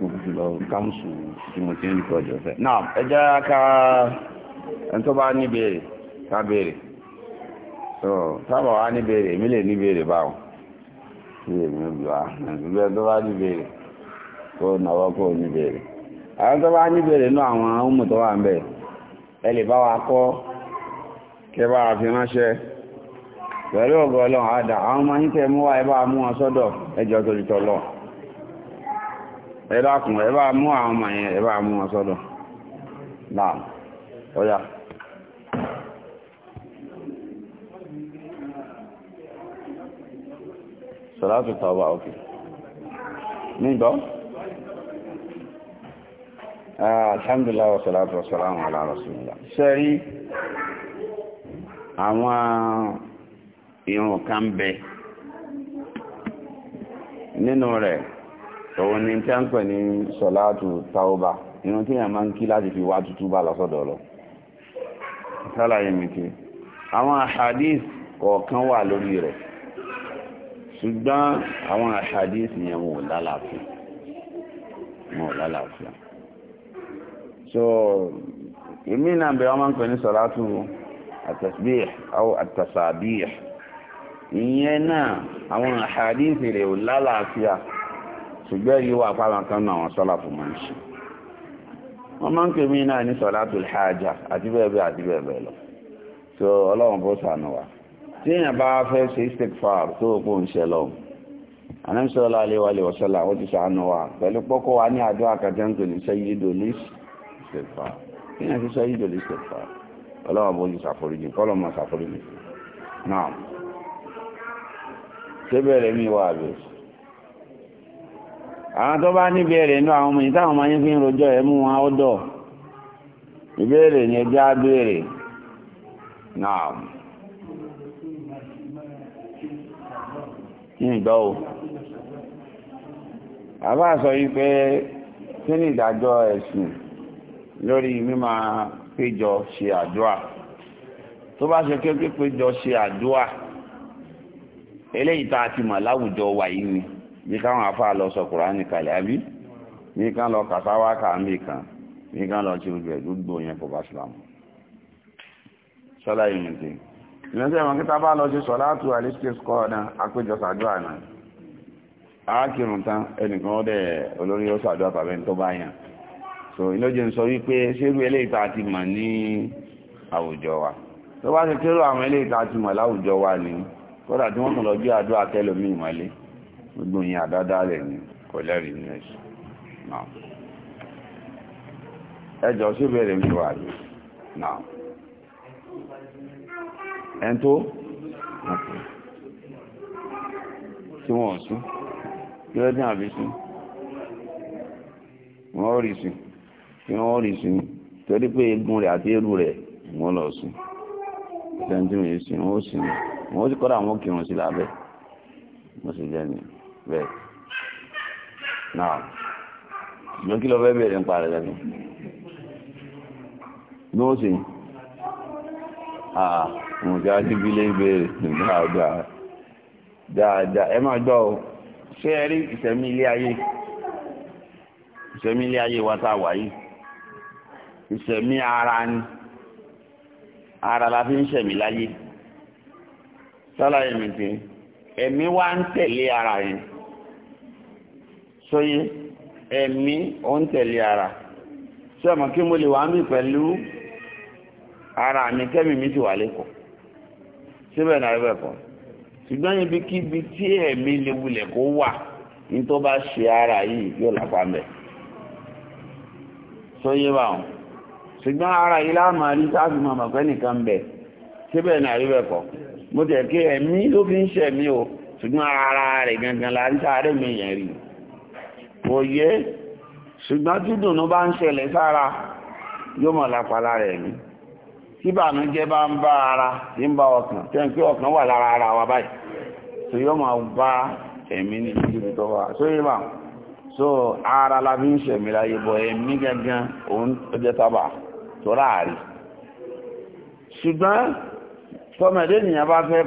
lọ tí mo ti ń kọ ọjọ́ fẹ́. ẹ jẹ́ ká tó bá ní ká so tábà wá ní béèrè èmi lè ní béèrè báwọn tí èmi ò bá ẹgbẹ́ tó bá ní béèrè kó nàwọ́ kó ní àwọn tó wa kọ́ bá wa fi ránṣẹ́ pẹ̀lú ọgọ́ ọlọ́run àdá àwọn ọmọ yín tẹ̀ mú wa ẹ bá mú wọn sọ́dọ̀ ẹ dákun ẹ bá mú àwọn ọmọ yẹn ẹ bá mú wọn sọ́dọ̀ náà ọ̀yà. sọ̀rọ̀ tàbà òkè nígbọ́ alhamdulillah wa salatu wa salamu ala rasulillah sẹ́rí àwọn ìrùn kan bẹ nínú rẹ̀ òun ni tí a ń pè ní sọ̀láàtù taoba inú tí yàn máa ń kí láti fi wá tútú bá lọ́sọ̀dọ̀ lọ sálàyé mi kí àwọn àhàdís kọ̀ọ̀kan wà lórí rẹ̀ ṣùgbọ́n àwọn àhàdís yẹn wò lálàáfíà wò lálàáfíà so èmi náà bẹ̀rẹ̀ wọ́n máa ń pè ní sọ̀láàtù àtàsbíh àwọn àtàsàbíh ìyẹn náà àwọn àhàdís rẹ̀ wò lálàáfíà ṣùgbọ́n yìí wà pàwọn kan náà wọn sọ́lá fún máa ń ṣe wọ́n máa ń pè náà ní sọ̀látùl hájà àti bẹ́ẹ̀ bẹ́ẹ̀ àti bẹ́ẹ̀ bẹ́ẹ̀ lọ so ọlọ́run bó sànù wa tí èèyàn bá fẹ́ ṣe istikfar tó kó ń ṣe lọ anamsọ́lá aléwálé wọ́sọ́lá ó ti sànù wa pẹ̀lú pọ́kọ́ wa ní àdó àkàtẹ́ǹkò ní sayyidul istikfar kí ni àti sayyidul istikfar ọlọ́run bó àwọn tó bá ní ìbéèrè inú àwọn ọmọ yìí táwọn ọmọ yìí fi ń rojọ ẹ̀ mú wọn ọ̀dọ̀ ìbéèrè ni ẹjọ́ á náà ní o bàbá sọ yìí pé kí ni ìdájọ́ ẹ̀sìn lórí mímọ̀ péjọ ṣe àdúrà tó bá ṣe kékeré péjọ ṣe àdúrà eléyìí tá a ti bí káwọn afá lọ sọ kùránì kalẹ̀ àbí bí kán lọ kàtàwá kàmí kan bí kán lọ tí ó gbẹ̀ gbogbo yẹn kò bá sùlámù sọ́lá yìí nìkan ìrìnṣẹ́ ìwọ̀n kíta bá lọ sí sọ́látù alistair kọ́ọ̀dá àpéjọ sàdúrà náà ákìrùn tán ẹnìkan ọdẹ olórí ó sàdúrà tàbí so ìlójì ń sọ wípé ṣérú eléyìí ni kódà tí wọ́n kàn lọ gbé àdúrà tẹ́lómi ìmọ̀lé gbogbo yìí àdádálẹ̀ ni kò lẹ́rìí ní ẹ̀sùn náà ẹjọ́ sí bẹ̀rẹ̀ mi wà ní náà ẹn tó tí wọ́n sún kí lọ́dún àbí sún wọ́n rí sí kí wọ́n rí sí torí pé egun rẹ̀ àti eru rẹ̀ wọ́n lọ sùn ìṣẹ́ntì mi sí wọ́n sì wọ́n sì kọ́ra àwọn kírun sí lábẹ́ wọ́n sì jẹ́ nìyẹn bẹ́ẹ̀ náà ṣùgbọ́n kí lọ fẹ́ bèèrè ń parẹ́ lẹ́nu ní ó sì àà mọ̀já sí bí lè bèèrè dáadáa dáadáa ẹ máa gbọ́ ọ ṣé ẹ rí ìṣẹ̀mí ilé ayé ìṣẹ̀mí ilé ayé wa tá a wà yìí ìṣẹ̀mí ara ni ara la fi ń ṣẹ̀mí láyé sálàyé mi ti ẹ̀mí wa ń tẹ̀lé ara yẹn sóyé ẹ̀mí òun tẹ̀lé ara sí ọmọ kí mo lè wà mí pẹ̀lú ara mi kẹ́mi mi ti wà lẹ́kọ̀ọ́ síbẹ̀ náà rẹ̀ kọ́ ṣùgbọ́n ibi kíbi tí ẹ̀mí lè wulẹ̀ kó wà ní tó bá ṣe ara yìí yóò lápá mẹ́ sóyé báwọn ṣùgbọ́n ara yìí láàmà rí sáàfin màmá pẹ́ nìkan bẹ̀ síbẹ̀ náà rẹ̀ kọ́ mo tẹ̀ kí ẹ̀mí ló fi ń ṣẹ̀mí o ṣùgbọ́n ara rẹ̀ gangan la rí sáà rẹ̀ mi yẹn rí i kò yé ṣùgbọ́n tí dùnú bá ń ṣẹlẹ̀ sára yóò mọ̀ lápàlá rẹ̀ ni tí bànújẹ́ bá ń bá ara tí ń bá ọkàn tẹ́yìn pé ọkàn wà lára ara wa báyìí tó yóò máa bá ẹ̀mí ní ìdíbi tó wà tó ara la fi ń ṣẹ̀mí láyé bọ̀ ẹ̀mí gangan òun tó jẹ́ sábà tó ráàrí ṣùgbọ́n tọmọdé nìyàn bá fẹ́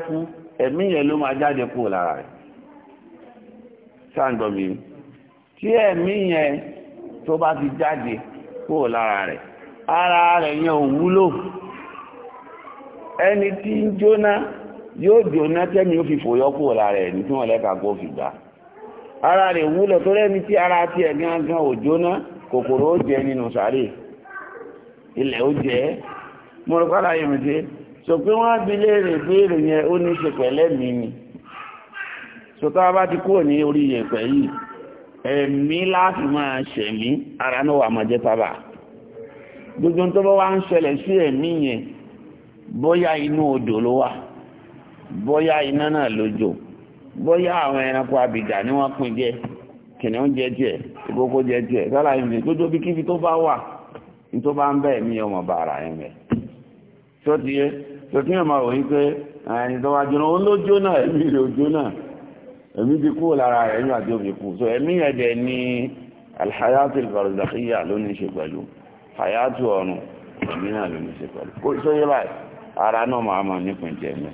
tí ẹ̀mí yẹn tó bá ti jáde lára rẹ̀ ara rẹ̀ yẹn ò wúlò ẹni tí ń jóná yóò jóná tẹ́mi ó fi fòyọ́ kúrò lára ẹ̀ tí wọ́n lẹ́ka fi gbà ara rẹ̀ wúlò tó rẹ́ni tí ara ti ẹ̀ ò jóná kòkòrò ó jẹ nínú sàárè ilẹ̀ ó jẹ́ mo rọ̀ pàdà sọ pé wọ́n á bí léèrè béèrè yẹn ó ní ṣe ti kúrò ní orí ẹ̀mí láti máa ṣẹ̀mí ara náà wà máa jẹ́ gbogbo tó bá wá ń ṣẹlẹ̀ sí ẹ̀mí yẹn bóyá inú odò ló wà bóyá iná náà lójò bóyá àwọn ẹranko àbìgà ni wọ́n pín jẹ kìnìún jẹ tiẹ̀ ìkókó jẹ tiẹ̀ kíbi tó bá wà ní tó bá ń ọmọ bàrà jóná ẹ̀mí ti kú lára rẹ̀ ẹ̀yìn àti òfin kú so ẹ̀mí yẹn dẹ̀ ní alhayatu albarzakhiya ló ní ṣe pẹ̀lú hayatu ọ̀run ẹ̀mí náà ló ní ṣe pẹ̀lú kó tó yẹ báyìí ara náà máa mọ̀ nípìn jẹ́ mi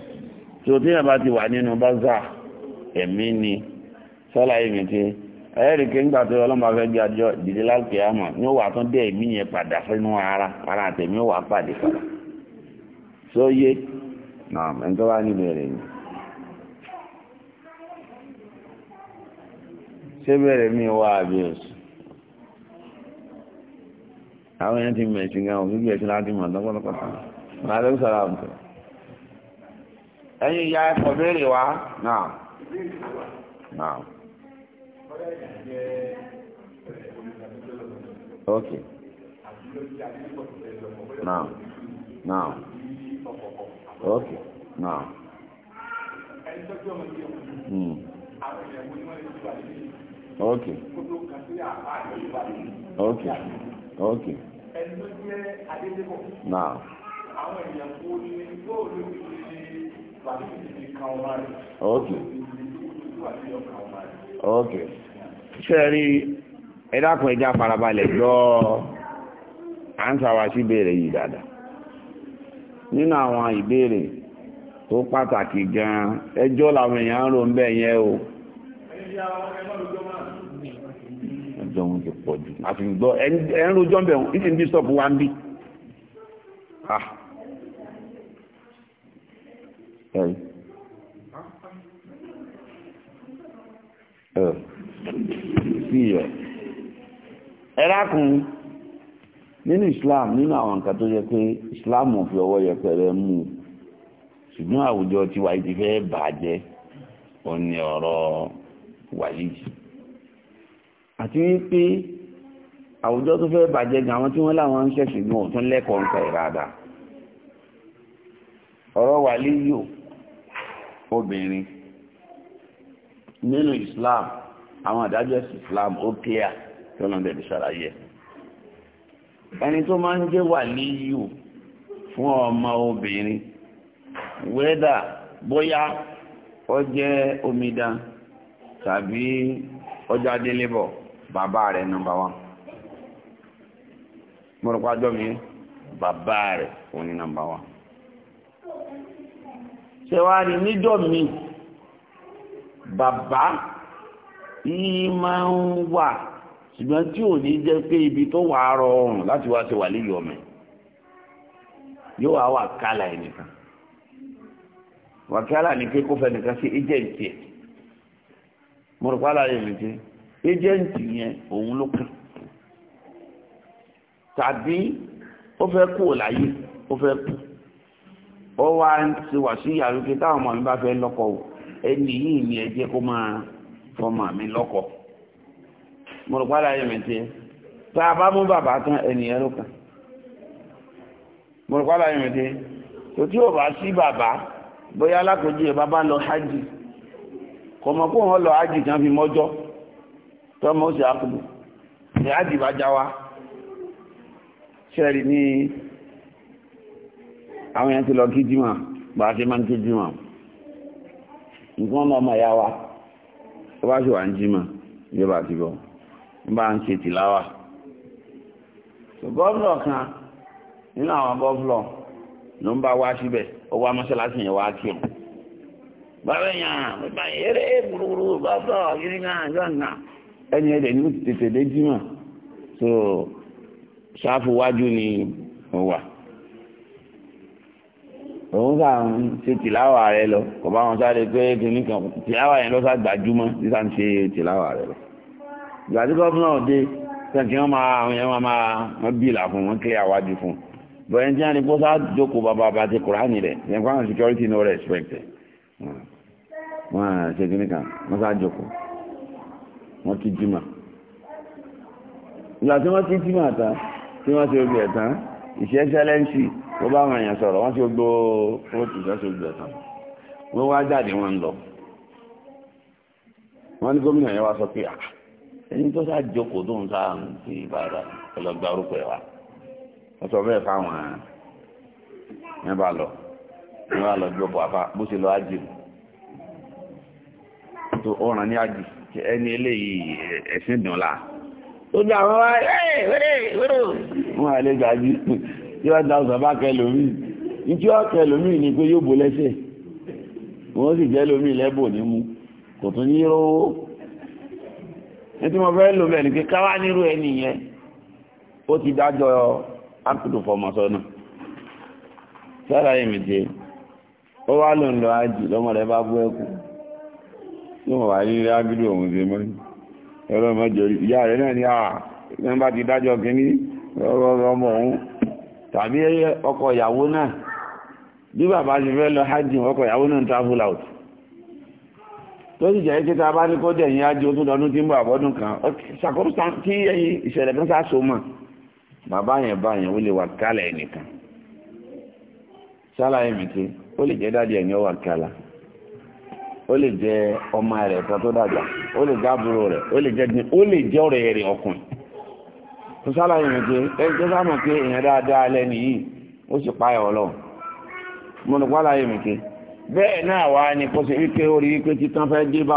tí o tíyẹ̀ bá ti wà nínú báza ẹ̀mí ni sọ́lá èmi ti ẹ̀ẹ́rìkẹ́ nígbà tó ọlọ́mọ fẹ́ gbé àjọ dìde láti àmọ̀ ní ó wà tán dé ẹ̀mí yẹn padà sínú ara ara àtẹ̀mí ó wà pàdé padà sóyé náà ẹ̀ńtọ́ wá níbẹ̀rẹ̀ yìí. ṣé bẹ̀rẹ̀ mi wá àbí òsì àwọn èèyàn ti mẹ̀sìn gan òun gbígbẹ̀ sí láti mọ̀ lọ́pọ̀lọpọ̀ màálù sọ̀rọ̀ àbùtọ̀ ẹ̀yin ìyá ẹ̀kọ́ béèrè wá náà náà ok náà náà ok náà. Hmm. ok ok ok now. ok ok ok ẹja farabalẹ̀ gbọ́ sí ìbéèrè yìí nínú àwọn ìbéèrè tó pàtàkì gan-an ẹjọ́ o. ẹjọ́ wọn ti pọ̀ jù àti gbọ́ ẹ̀rùn rojọ́ bẹ̀ wọ́n ìsìn bíṣọ́pù wa ń bí ah. ẹ̀rákùn nínú Islam nínú àwọn nǹkan tó yẹ pé Islam ò fi ọwọ́ yẹpẹrẹ mú ṣùgbọ́n àwùjọ tiwa ti fẹ́ bàjẹ́ òní ọ̀rọ̀ wàlí àti wípé àwùjọ tó fẹ́ bàjẹ́ gan àwọn tí wọ́n láwọn ń ṣẹ̀ṣẹ̀ ní òtún lẹ́kọ̀ọ́ ń tẹ̀ rádà ọ̀rọ̀ wàlí yóò obìnrin nínú Islam àwọn àdájọ́ Islam ó kíá tí wọ́n lọ́dẹ̀ ṣàlàyé ẹni tó máa ń jẹ́ wàlí yóò fún ọmọ obìnrin wẹ́dà bóyá ó omidan tàbí ọjọ́ adélébọ̀ bàbá rẹ̀ nọmbà wán mọ́rọ̀pá jọ mi bàbá rẹ̀ òun ni nọmbà wán ṣe wá níjọ́ mi bàbá yìí máa ń wà ṣùgbọ́n tí ò ní jẹ́ pé ibi tó wà á rọrùn láti wá ṣe wà lè yọ̀ mẹ́ yóò wá wà kálà ẹnìkan wà kálà ní pé kó fẹ́ nìkan sí agent tiẹ̀ mo rò pálá yẹn méje éjẹ́ǹtì yẹn òun ló kàn tàbí ó fẹ́ kú láyé ó fẹ́ kú ó wá ń ti wà sí ìyàrá kí táwọn ọmọ mi bá fẹ́ lọ́kọ o ẹni yìí ni ẹ jẹ́ kó máa fọmọ mi lọ́kọ mo rò pálá yẹn méje tá a bá mú bàbá tán ẹnìyẹn ló kàn mo rò pálá yẹn méje tòtí ò bá sí bàbá bóyá alákòójú ẹ̀ bá bá lọ hajj kọmọ kó wọn lọ ájì kan fi mọ́jọ́ tọ́mọ ó sì ákùbù ní ájì bá já wá ṣẹ́rì ní àwọn èèyàn ti lọ kí jímọ̀ bá ṣe máa ń kí jímọ̀ nǹkan náà máa yá wa ó bá ṣe wà ń jímọ̀ yóò bá ti bọ̀ ń bá ń ṣe tìláwà gọ́ọ̀nà kan nínú àwọn gọ́ọ̀nà ló ń bá wá síbẹ̀ ó wá mọ́ṣáláṣí yẹn wá kírun bàbáyà pípa eré gbùrùgbùrù bọ́bọ̀ yìnyínà gbọ̀ngàn so ṣáfù wájú ni ó wà òun kà ń ṣe tìláwà rẹ lọ kò bá wọn sáré pé kìnnì kan tìláwà yẹn lọ ṣàgbàjúmọ́ níta ń ṣe tìláwà rẹ lọ ìgbà tí gómìnà dé sẹ́ǹkì wọn máa àwọn yẹn wọn máa wọn bìlà fún wọn kílẹ̀ àwájú fún bọ̀yẹn tí wọn ní kó sáà jókòó bàbá àbá ti kùránì rẹ̀ yẹn kó àwọn security no respect. Mm wọ́n á ṣe kí nìkan wọ́n sá jòkó wọ́n kí jimá ìgbà tí wọ́n kí jimá tán tí wọ́n ṣe ogun ẹ̀tàn ìṣẹ́ ṣẹlẹ́ńsì tó bá wọn èèyàn sọ̀rọ̀ wọ́n ṣe gbó kóòtù ṣe ogun ẹ̀tàn wọ́n wá jáde wọn lọ wọ́n ní gómìnà yẹn wá sọ pé ẹni tó sá jòkó tó ń sá ń fi ọlọ́gbà orúkọ ẹ̀ wá wọ́n sọ bẹ́ẹ̀ fáwọn ẹ̀ bá lọ ẹ̀ bá lọ jọ bọ̀ tó ọ̀ràn ní àjì ẹni eléyìí ẹ̀sìn dùnlá ó dá àwọn wá ẹ̀ẹ́rẹ́rẹ́rẹ́ wọ́n àlẹ́ gàájú tí wọ́n dáhùn sọ́bá kẹlòmí ìtí wọ́n kẹlòmí ni pé yóò bó lẹ́sẹ̀ wọ́n sì jẹ́ lómi lẹ́bò ní mú kò tún ní rówó ní tí mo fẹ́ lò bẹ́ẹ̀ ni pé káwá nírú ẹni yẹn ó ti dájọ́ ákùtù fọmọ sọ́nà sára ìmìtì ó wá lòun lọ àjì lọ́mọ rẹ̀ bá bú ẹkùn níwọ̀n wà ní ágídù òun ṣe mọ́ ọlọ́mọjọ ìyá rẹ̀ náà ni à ní ti dájọ́ kínní ọmọ òun tàbí ọkọ ìyàwó náà bí bàbá ti fẹ́ lọ hajj ọkọ ìyàwó náà travel out tó sì jẹ́ kí ta bá ní kó dẹ̀yìn ájú ó tún lọ́dún tí ń bọ̀ àbọ́dún kan ṣàkóso kí ẹyin ìṣẹ̀lẹ̀ kan sá so mọ̀ bàbá yẹn bá yẹn ó lè wà kálẹ̀ ẹnìkan ṣálàyé mi ó lè jẹ́ dáadé ẹ̀yìn ó kálà ó lè je ọmọ rẹ̀ kan tó dàgbà ó lè jẹ́ àbúrò rẹ̀ ó lè jẹ́ gbin ó lè jẹ́ ọ̀rẹ́ rẹ̀ ọkùnrin tó sálàyé rẹ̀ pé ẹgbẹ́ sáàmù pé èèyàn dáadáa lẹ́nu yìí ó sì páyà ọlọ́run mo ní pàlàyé mi pé bẹ́ẹ̀ náà wá ní kó ṣe wípé ó rí wípé títán fẹ́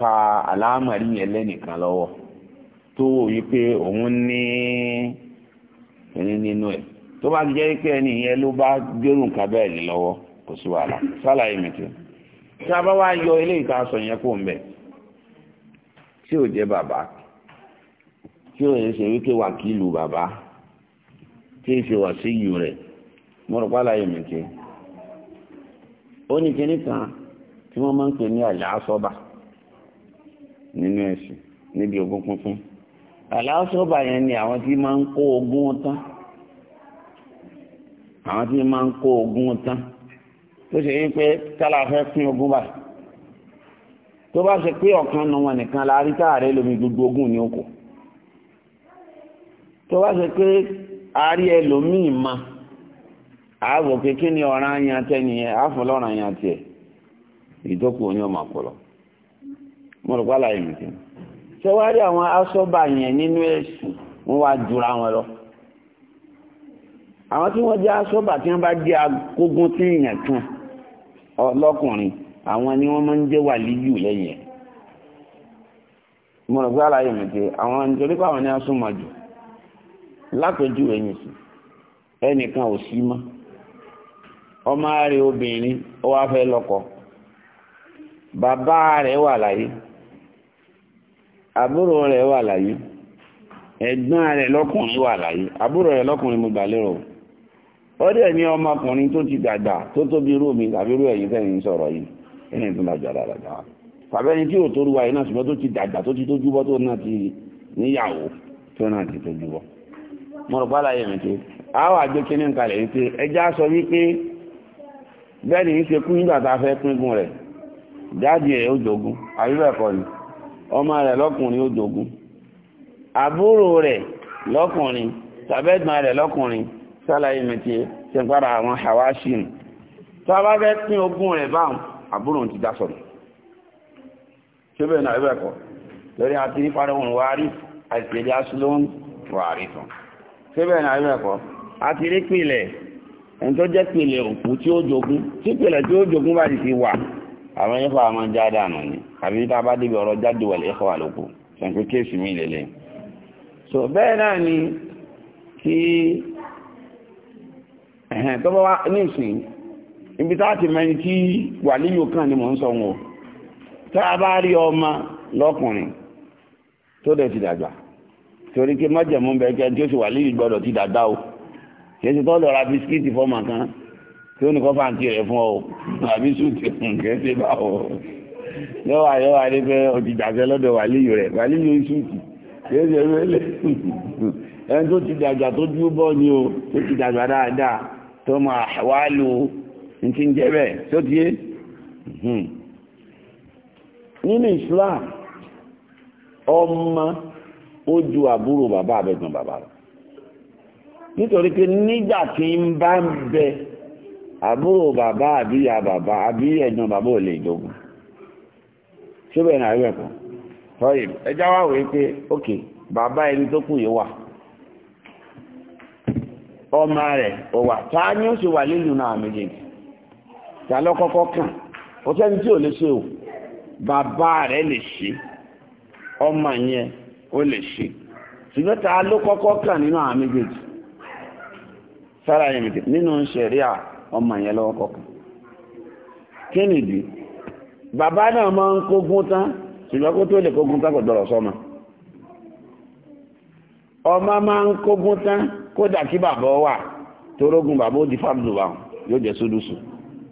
fa àlámọ̀rí yẹn lẹ́nìkan lọ́wọ́ tó wò wípé òun ní ẹni nínú ẹ̀ tó bá jẹ́ pé ẹni yẹn ló bá gbérù nǹkan bẹ́ẹ̀ lọ́wọ́ kò tí a bá wá yọ ilé ìta sọ yẹn kó ń bẹ̀ tí ò jẹ́ bàbá tí ò yẹn ṣe wípé wàkìlù bàbá tí ì ṣe wà sí yù rẹ̀ mo rò pálá yìí mìtì ó ní kíní kan tí wọ́n máa ń pè ní àlàásọ́bà nínú ẹ̀sìn níbi ogún pínpín àlàásọ́bà yẹn ni àwọn tí máa ń kó ogún tán àwọn tí máa ń kó ogún tán tó ṣe yí pé tálà fẹ́ pín ogún bá tó bá ṣe pé ọ̀kan nu wọn nìkan la rí táàrẹ lómi gbogbo ogún ní oko tó bá ṣe pé àárí ẹlòmíì ma ààbò pé kí ni ọ̀ràn ayan tẹ́niyẹn àfọlọ́ràn ayan tiẹ̀ ìdókù ní ọmọ àpọ̀lọ́ mo rò pálá ìmì tí ṣe wá rí àwọn asọ́bà yẹn nínú ẹ̀sùn wọn wá jura wọn lọ àwọn tí wọ́n jẹ́ asọ́bà tí wọ́n bá jẹ́ agógún tí èèyàn kan ọlọ́kùnrin àwọn ni wọ́n máa ń jẹ́ wàlíyù lẹ́yìn ẹ̀ mo mi pé àwọn nítorí pé ni a súnmọ́ jù lápẹjù ẹ̀yìn sí ẹnìkan ò sí mọ́ ọmọ obìnrin ó wá fẹ́ lọ́kọ bàbá wà láyé àbúrò ọdẹ ni ọmọkùnrin tó ti dàgbà tó tóbi irú mi tàbí irú ẹ̀yin tẹ́yìn sọrọ sọ̀rọ̀ yìí ẹni tó lájọ àdàdà tàbí tí ò tó ruwa ṣùgbọ́n tó ti dàgbà tó ti tójú bọ́ tó náà ti níyàwó tó náà ti tójú bọ́ yẹn ti àwọn àjọ yìí sọ wípé bẹ́ẹ̀ ni ṣe kú nígbà tá a fẹ́ pínpín rẹ̀ ẹ̀ ó ni ọmọ rẹ̀ lọ́kùnrin ó sálàyé mẹ́tí ṣe ń padà àwọn hawashin tó a bá fẹ́ pín ogún rẹ̀ báwọn àbúrò ti dá sọ̀rọ̀ ṣé bẹ́ẹ̀ náà ẹbẹ̀ kọ́ lórí àti ní fáráhùn wárí àìsèdí aṣílóhùn wárí tán ṣé bẹ́ẹ̀ náà ẹbẹ̀ kọ́ àti rí pìlẹ̀ ẹni tó jẹ́ pìlẹ̀ òkú tí ó jogún tí pìlẹ̀ tí ó jogún bá ti wà àwọn ẹ̀fọ́ àwọn ajá dànù ni àbí tá a bá débi ọ̀rọ̀ jáde wà lẹ́kọ̀ọ́ àlòkù ṣàǹkó kéèsì mi lélẹ̀ so bẹ́ẹ̀ náà ni kí tọba tó bá tí wà níyò kan ni mọ̀ ń sọ wọn tá a bá rí ọmọ lọ́kùnrin tó dẹ̀ ti dàgbà torí kí májẹ̀mú bẹ kẹ́ tí ó sì wà gbọ́dọ̀ ti dàgbà o kì í ṣe tọ́lọ̀ ra bisikíìtì kan tí ó ní kọ́ fàǹtì rẹ̀ fún ọ àbí bá ọ pé wà rẹ̀ wà kì í ṣe ẹni tó ti dàgbà tó dúró bọ́ ni o tó ti dàgbà dáadáa tó mọ àwálù ti ń jẹ́ bẹ́ẹ̀ tó ti yé hmm. nínú Islam ọmọ ju àbúrò bàbá àbẹ̀gbọ̀n bàbá rẹ̀ nítorí pé nígbà tí ń bá ń bẹ àbúrò bàbá àbíyà bàbá àbí ẹ̀gbọ́n bàbá ò lè jogun ṣé bẹ́ẹ̀ bàbá ẹni tó kù yìí ọmọ rẹ̀ ó wà ta ó ṣe wà nínú náà méjèèjì ta ló kọ́kọ́ ó sẹ́ni tí ò lè ṣe o bàbá rẹ̀ lè ṣe ọmọ yẹn ó lè ṣe ṣùgbọ́n ta ló kọ́kọ́ kàn nínú àwọn méjèèjì sára yẹn méjèèjì nínú ṣẹ̀ríà ọmọ yẹn lọ́wọ́ kọ́kọ́ kí nìdí bàbá náà máa ń kógun tán ṣùgbọ́n kó tó lè kógun tán kò dọ̀rọ̀ sọ́mọ́ ọmọ máa ń kógún tán kódà kí bàbá wà torógun bàbá ó di fábùlù wa yóò jẹ́ sódùsù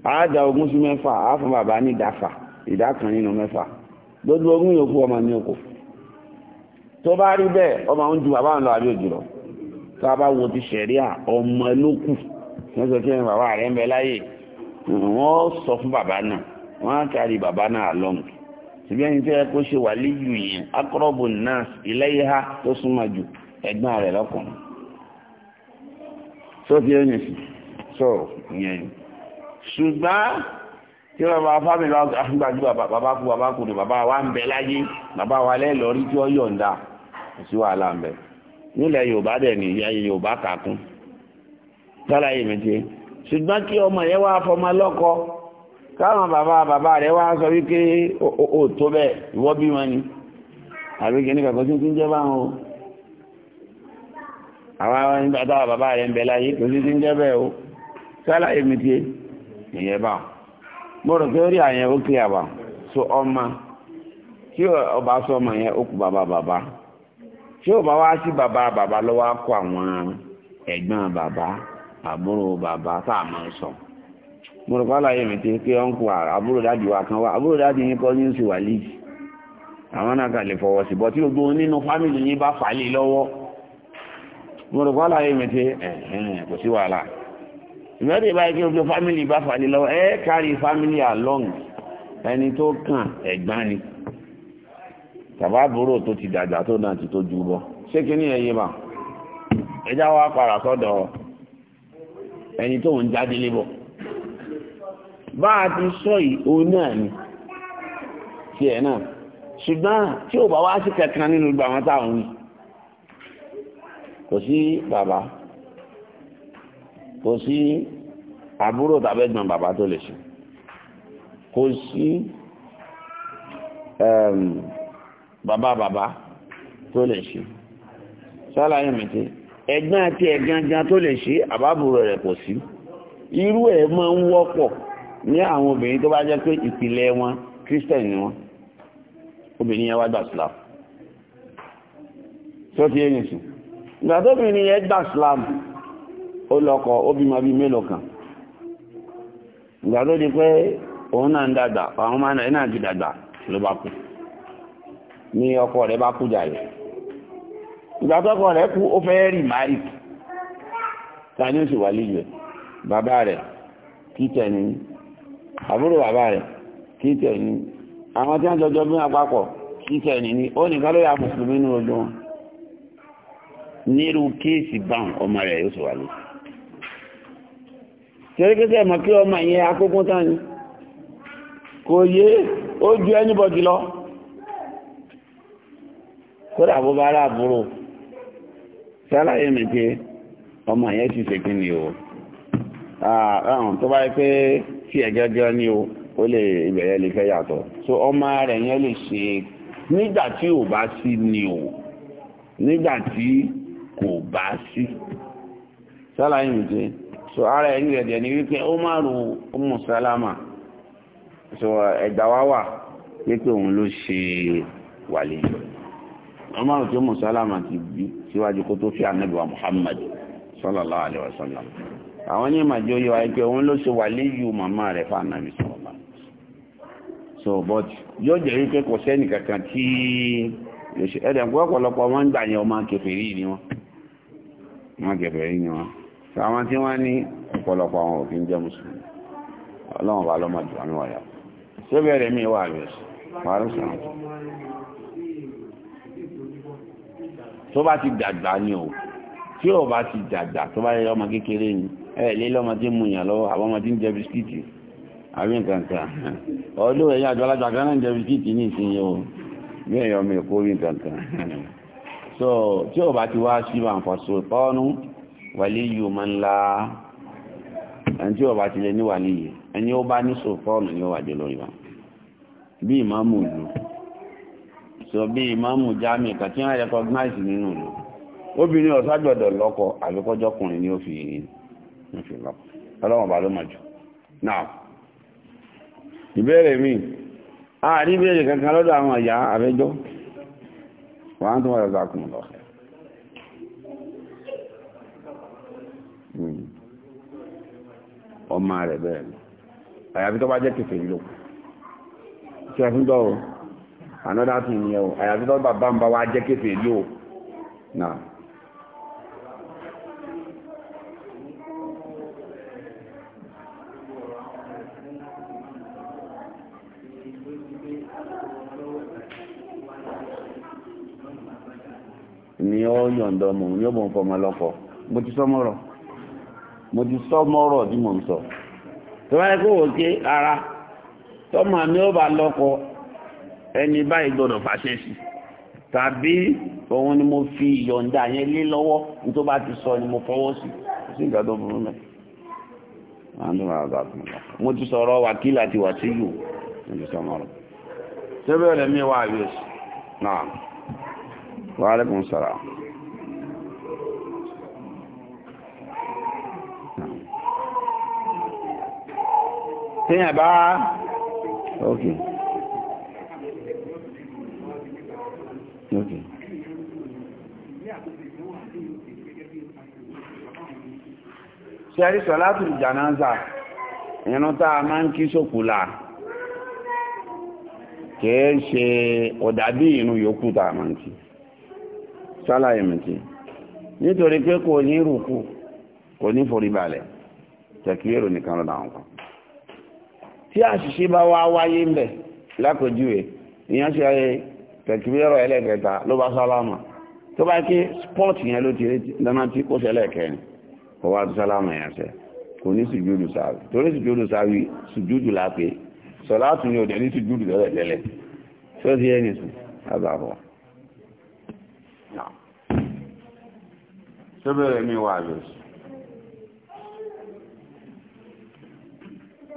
àádá ogún sí mẹ́fà àáfún bàbá ní ìdáfà ìdá kan nínú mẹ́fà gbogbo ogún yòókù ọmọ ní oko tó bá rí bẹ́ẹ̀ ọmọ ń ju bàbá ń lọ àbí òjò lọ tá bá wo ti ṣẹ̀ríà ọmọ ló kù wọ́n sọ ẹni bàbá rẹ̀ ń bẹ láyè wọ́n sọ fún bàbá náà wọ́n á kárí bàbá náà lọ́mù síbi ẹni tí ẹ kó ṣe wà líyù yẹn akọ́rọ̀bù náà ilé ìhá tó súnmọ́ jù ẹ̀gbọ́n rẹ̀ lọ́kùnrin tó fi ẹ̀yìn sí so ìyẹn ṣùgbọ́n tí wọ́n bá fámi lọ gbàgbé bàbá kú bàbá kú ni bàbá wa ń bẹ láyé bàbá wa lẹ́lọ rí tí ó yọ̀ǹda kò sí wàhálà ń bẹ nílẹ̀ Yorùbá dẹ̀ ní ìyá Yorùbá kàkún tọ́lá yìí mi ti ṣùgbọ́n kí ọmọ yẹn wá fọmọ lọ́kọ káwọn bàbá bàbá rẹ̀ wá sọ wípé ó tó bẹ́ẹ̀ ìwọ́ bí wọn ni àbí kí ní kàkọ́ tí ń jẹ́ báwọn o àwọn àwọn nígbà táwọn bàbá rẹ̀ ń bẹ láyé kò sí ti bẹ́ẹ̀ o sálà èmi tiẹ̀ ìyẹn bá mo rò pé ó rí àyẹn ó kí àbá so ọmọ tí ọba sọ ọmọ yẹn ó kú bàbá bàbá tí ọba wá sí bàbá bàbá ló wá kó àwọn ẹ̀gbọ́n bàbá àbúrò bàbá tá a máa sọ mo rò pálá yẹn mi ti pé ọ̀nkù àbúrò dáàdì wa kan wá àbúrò dáàdì yín kọ́ ní oṣù wàlíì àwọn náà kà lè fọwọ́ sí bọ́ tí gbogbo nínú fámìlì yín bá fà á lọ́wọ́ mo rò kọ́ láyé mi ti kò sí wàhálà ìmọ̀tẹ́ ìbáyìí kí o gbé fámìlì bá fàdé lọ ẹ kárí fámìlì along ẹni tó kàn ẹ̀gbọ́n ni tàbá àbúrò tó ti dàgbà tó náà ti tó ju bọ́ ṣé kí ni ẹyẹ bá ẹjá wa para sọ́dọ̀ ẹni tó ń jáde lébọ̀ bá a ti sọ yìí òun náà ni tiẹ̀ náà ṣùgbọ́n tí ò bá wá sí kankan nínú gbàmọ́ta òun yìí kò sí bàbá kò sí àbúrò tàbẹ́gbọ̀n bàbá tó lè ṣe kò sí bàbá bàbá tó lè ṣe sálàyé mìtí ẹ̀gbọ́n àti ẹ̀gangan tó lè ṣe àbábùrò rẹ̀ kò sí irú ẹ̀ máa ń wọ́pọ̀ ní àwọn obìnrin tó bá jẹ́ pé ìpìlẹ̀ wọn kírísítẹ̀nì ni wọn obìnrin yẹn wá gbà sílá tó ti yé nìsín ìgbàtóbìnrin yẹn gbà Islam ó lọ́kọ ó bímọ bí mélòó kan ìgbàtó di pé òun náà ń dàgbà àwọn ọmọ náà ti dàgbà ló bá kú ní ọkọ rẹ̀ bá kú jàre ìgbàtọ́kọ rẹ̀ kú ó fẹ́ rí mari tani ó sì wà lílù bàbá rẹ̀ kíkẹ́ ni àbúrò bàbá rẹ̀ ni àwọn tí wọ́n nírú kéèsì báwọn ọmọ rẹ̀ yóò sọ̀rọ̀ lọ. tẹ́lẹ̀kẹ́sẹ̀ mọ̀ kí ọmọ yẹn akókún tán ni kò yé ó ju ẹnibọ̀dì lọ kódà bó bá ráàbúrò sálàyé mi pé ọmọ yẹn ti ṣe kí ni o àwọn tó bá yẹ pé tí ẹ gẹ́gẹ́ ni o ó lè ìbẹ̀rẹ̀ lè fẹ́ yàtọ̀ so ọmọ rẹ̀ yẹn lè ṣe nígbà tí ò bá sí ni o nígbà tí kò bá sí sálàyé mi so ara ẹ̀rí rẹ̀ dẹ̀ ni wípé ó máa rò ọmọ sálámà so ẹ̀gbà wá wà wípé òun ló ṣe wàlẹ̀ ọmọ rò tí ọmọ sálámà ti bí síwájú kó tó fi ànábì Muhammad sallallahu alaihi wasallam àwọn ní ìmàjọ yọ àìpé òun ló ṣe wàlẹ̀ yìí màmá rẹ̀ fún ànábì sallallahu so but yóò jẹ́ wípé kò sẹ́nì kankan tí yóò ṣe ẹ̀dẹ̀ ọ̀pọ̀lọpọ̀ wọn gbà yẹn ọmọ kẹfẹ́ rí ni wọn wọ́n gẹ̀bẹ̀ rí ni wọ́n tí àwọn tí wọ́n ní ọ̀pọ̀lọpọ̀ àwọn òfin jẹ́ mùsùlùmí ọlọ́run bá lọ́mọ jù àmì wọ̀yà tó bẹ̀rẹ̀ mí wà rẹ̀ wàrú sàn tó bá ti dàgbà ni o tí ò bá ti dàgbà tó bá yẹ ọmọ kékeré ni ẹ lé lọ́mọ tí mu yàn lọ́wọ́ àwọn ọmọ tí so tí ó bá ti wá sí bá ń fọ sultanu waliyu man la ẹni tí ó bá ti lè ní waliyu ẹni ó bá ní sultanu ni ó wà jẹ lórí wa bí ìmáàmù ìlú so bí ìmáàmù jami kan tí wọ́n recognize nínú ìlú obìnrin ọ̀sá gbọ́dọ̀ lọ́kọ àbíkọ́jọ́kùnrin ni ó fi lọ́kọ ọlọ́wọ̀n bá ló mọ̀ jù náà ìbéèrè mi àà ní ìbéèrè kankan lọ́dọ̀ àwọn ìyá àbẹ́jọ́ wọ́n á tún wọ́n ọmọ rẹ̀ bẹ́ẹ̀ ni àyàfi tó bá jẹ́ kẹfẹ́ yìí ló kù tí a fún dọ́wọ́ another thing yẹ o àyàfi tó bàbá ń bá wa jẹ́ kẹfẹ́ yìí náà. yọ̀ǹda ọmọ òun ní ọmọ nǹkan ọmọ lọ́kọ mo ti sọ mọ́rọ̀ mo ti sọ mọ́rọ̀ tí mo ń sọ tó bá yẹ kó wò ké ara tọ́mọ mi ó bá lọ́kọ ẹni báyìí gbọ́dọ̀ fàṣẹ sí tàbí òun ni mo fi yọ̀ǹda yẹn lé lọ́wọ́ ní tó bá ti sọ ni mo fọwọ́ sí sí ìgbà tó burú mẹ́ mo ti sọ̀rọ̀ wàkílà àti wàsíyù mo ti sọ mọ́rọ̀ tẹ́bẹ̀rẹ̀ mi wà yóò sí náà. وعليكم السلام téèyàn bá ok ok ṣẹ́rí sọ̀látù jànáza ìrun tá a máa ń kí sókùlà kìí ṣe ọ̀dàbí ìrun yòókù tá a máa ń kí sálàyé mìtì nítorí pé kò ní rùkù kò ní foríbalẹ̀ tẹ̀kìlérò nìkan lọ́dà wọn kan tí àṣìṣe bá wá wáyé ń bẹ̀ lápèjúwe ìyẹn ṣe tẹ̀kìbírọ̀ ẹlẹ́kẹta ló bá sálámà tó bá kí spọ́ọ̀tì yẹn ló ti rí lọ́nà tí kò ṣẹlẹ̀ kẹrin kò wá sálámà yẹn ṣe kò ní sùjúdù sáwì torí sùjúdù sáwì sùjúdù lápè sọ̀láàtù ni òdẹ̀ ní sùjúdù lẹ́lẹ̀lẹ̀ tó ti ẹni sùn lábàbọ̀ tó bẹ̀rẹ̀ mi wà lóṣù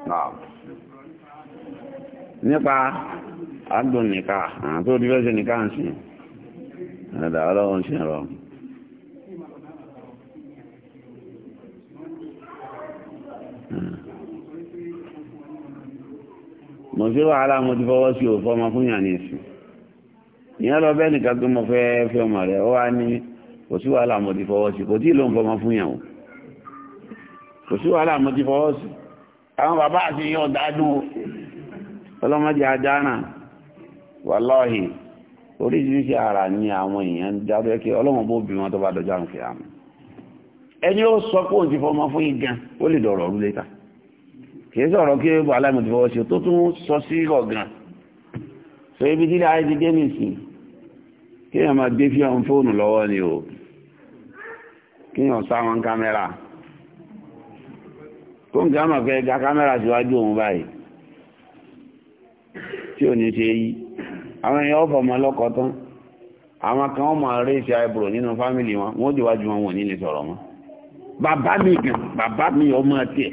Now nípa àdùn nìka àwọn tó rí fẹ́sẹ̀ nìka ń sìn ẹ̀dà ọlọ́run sí ẹ̀rọ mọ̀ sí wàhálà mo ti fọwọ́ sí òfò ọmọ fún yàn ní ìsìn ìyẹn lọ bẹ́ẹ̀ nìkan tó mọ̀ fẹ́ fẹ́ ọmọ rẹ̀ ó wá ní kò sí wàhálà mo ti fọwọ́ sí kò tí ló ń fọmọ fún yàn o kò sí wàhálà mo ti fọwọ́ sí àwọn bàbá àti ìyẹn ọ̀dà ọlọ́mọdé adánà wàláhì oríṣiríṣi ara ní àwọn èèyàn jáde kí ọlọ́wọ́n bó bí wọn tó bá dọjọ́ àwọn kìí àmì ẹni ó sọ pé ti fọmọ fún yín ó lè dọ̀rọ̀ ọ̀rú létà kìí sọ̀rọ̀ kí ó aláìmọ̀ ti so ibi tí ti nìsín kí èèyàn máa gbé fóònù ni o kí èèyàn kámẹ́rà fẹ́ ga kámẹ́rà síwájú òun tí ò ní ṣe yí àwọn èèyàn ọ̀fọ̀ ọmọ ọlọ́kọ̀ tán àwọn kan wọ́n máa rẹ́ ṣe àìbùrò nínú fámìlì wọn wọ́n jù wájú wọn wọ́n ní lè sọ̀rọ̀ mọ́ bàbá mi gan bàbá mi ọmọ tiẹ̀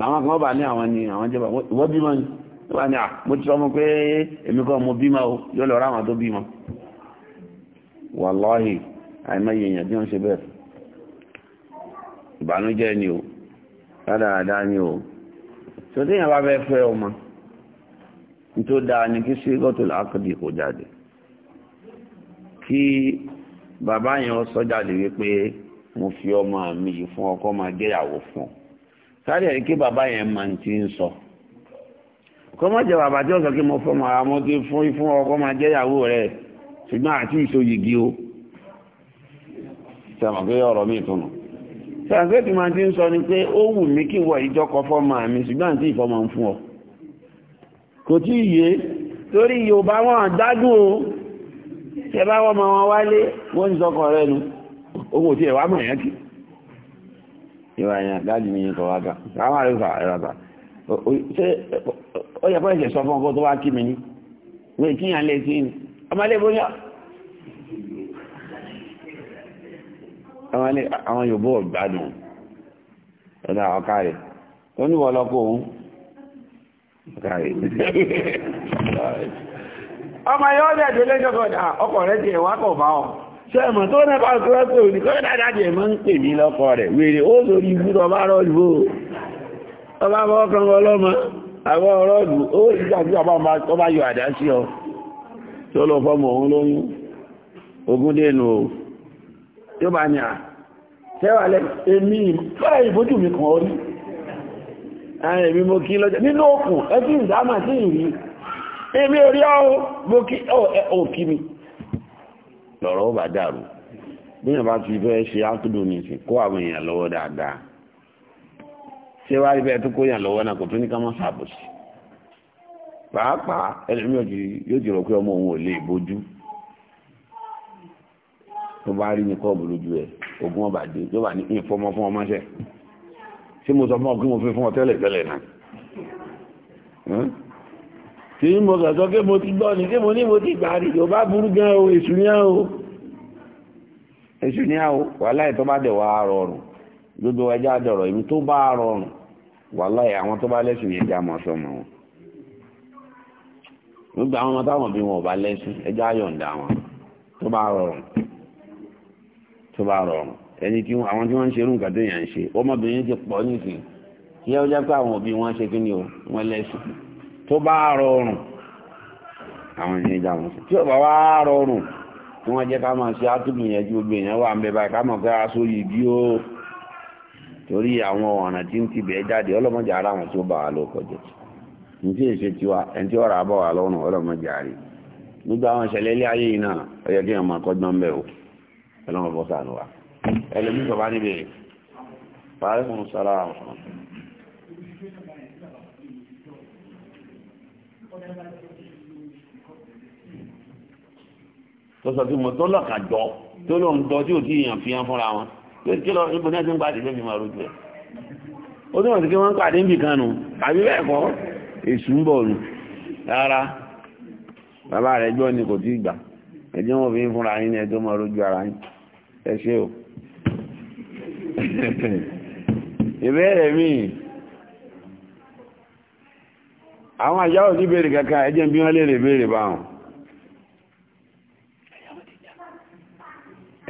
làwọn kan bá ní àwọn ni àwọn jẹ́ bàbá ìwọ́ bímọ ni wọ́n ní à mo ti sọ mọ́ pé èmi kan mo bímọ o yóò lọ ráwọn tó bímọ wàláhì àìmọye èèyàn bí wọ́n ṣe bẹ́ẹ̀ ìbànújẹ́ ni o dáadáa ni o sọ bá fẹ́ fẹ́ ọmọ tó dáa ní kí sígọ́tò lákàdì kò jáde kí bàbá yẹn sọ jáde wípé mo fi ọmọ mi yìí fún ọkọ máa jẹ́yàwó fún ọ sáré ẹ̀rí kí bàbá yẹn máa ti ń sọ kọ́ mọ́ jẹ́ bàbá tí ó sọ kí mo fọ́ mọ́ ara mo ti fún fún ọkọ máa jẹ́yàwó rẹ̀ ṣùgbọ́n àti ìsoyìgì o sàmọ̀ pé ọ̀rọ̀ mi tún nù pé tí máa ti ń sọ ni pé ó wù mí kí wọ ìjọkọ̀ fọ́ máa mi ṣùgbọ́n àti ìfọ́ máa ń fún ọ kò tí yé torí Yorùbá wọn dádùn o tẹ bá wọ́n ma wọn wálé wọ́n ń sọkọ̀ rẹ̀ nu ohun òtí ẹ̀wà mọ̀ yẹn kí ìwà yẹn dájú mi yẹn kọ̀ wá ga àwọn àríwá ẹ̀rọ ta ṣé ó yẹ kó ẹ̀jẹ̀ sọ fún ọkọ tó wá kí mi ní wọ́n kí yàn lé ni ọmọlé bóyá àwọn Yorùbá ọ̀gbádùn ẹ̀dá ọ̀ká tó ní wọ́n lọ́kọ̀ ọmọ yóò dẹ̀ tó lẹ́jọ́kọ̀dá ah, ọkọ̀ rẹ̀ ti ẹ̀wà kọ̀ bá ọ ṣe ẹ̀mọ̀ tó nẹ́pa kúrọ́pẹ̀ òní kọ́ dáadáa jẹ́ mọ́ ń pè mí lọ́kọ̀ rẹ̀ wèrè ó lórí ibú tọba rọ́ọ̀lù o tó bá ní ah, à tẹ́wàlẹ́ èmi báyìí ààrẹ mi mo kí lọ́jọ́ nínú òkun ẹbí ìdámà tí ìrí èmi orí ọ́ mo kí ọ́ kí mi lọ́rọ̀ ó bá dàrú bíyàn bá ti fẹ́ ṣe ákúdù ní ìsìn kó àwọn èèyàn lọ́wọ́ dáadáa ṣé wá ibẹ̀ tó kó èèyàn lọ́wọ́ náà kò tún ní ká mọ́ ṣàbòsí pàápàá ẹlẹ́mí ọ̀jì yóò ti rọ̀ pé ọmọ òun ò lè bójú tó bá rí ní kọ́ọ̀bù lójú ẹ̀ ogun ọ̀bàdé tó bá ní ìfọmọ fún tí mo sọ fún ọ mo fi fún ọ tẹ́lẹ̀ tẹ́lẹ̀ náà tí mo sọ̀tọ́ kí mo ti gbọ́ ní kí mo ní mo ti gbà rí yóò bá burú gan o èṣù ní àwọ èṣù ní àwọ wàláhì tó bá dẹ̀ wá rọrùn gbogbo ẹjá dọ̀rọ̀ ibi tó bá rọrùn wàláhì àwọn tó bá lẹ́sùn yẹn já mọ́ sọmọ wọn gbogbo àwọn táwọn bí wọn ò bá lẹ́sùn ẹjá yọ̀ǹda wọn tó bá rọrùn tó bá rọrùn ẹni tí àwọn tí wọ́n ń ṣerú nǹkan tó yàn ń ṣe ọmọbìnrin ti pọ̀ nísìn kí ẹ jẹ́ pé àwọn òbí wọn ṣe kí ni o wọ́n lẹ́sùn tó bá rọrùn àwọn ènìyàn ìjà wọn tí ó bá wá rọrùn tí wọ́n jẹ́ ká máa ṣe átùbù yẹn ju gbogbo èèyàn wà ń bẹ báyìí ká mọ̀ pé aṣọ yìí bí ó torí àwọn ọ̀nà tí ń ti bẹ̀ẹ́ jáde ọlọ́mọdé ara wọn tí ó bá wà ló kọjọ ní tí èsè tiwa ẹni tí ọ̀rọ̀ àbọ̀ wà lọ́rùn ọlọ́mọdé àrí gbogbo àwọn ìṣẹ̀lẹ̀ ilé ayé yìí náà ó ẹlẹ́mí ìjọba níbẹ̀ parí fún sára àwọn tó sọ tí mo tó lọ́kà jọ tó ló ń jọ tí ò tí èèyàn fi hàn fúnra wọn pé kí lọ ibò náà ti ń pàdé lẹ́mí máa rojú ẹ̀ ó túnmọ̀ sí kí wọ́n ń pàdé ń bì kan nù àbí bẹ́ẹ̀ kọ́ èṣù ń bọ̀ nù rárá bàbá rẹ̀ gbọ́ ni kò tí gbà ẹjọ́ wọn fi ń fúnra yín ni ẹjọ́ máa rojú ara yín ẹ ṣé o. ìbéèrè míì àwọn àyáwò sí béèrè kankan ẹ jẹ́ bí wọ́n lè rè béèrè báwọn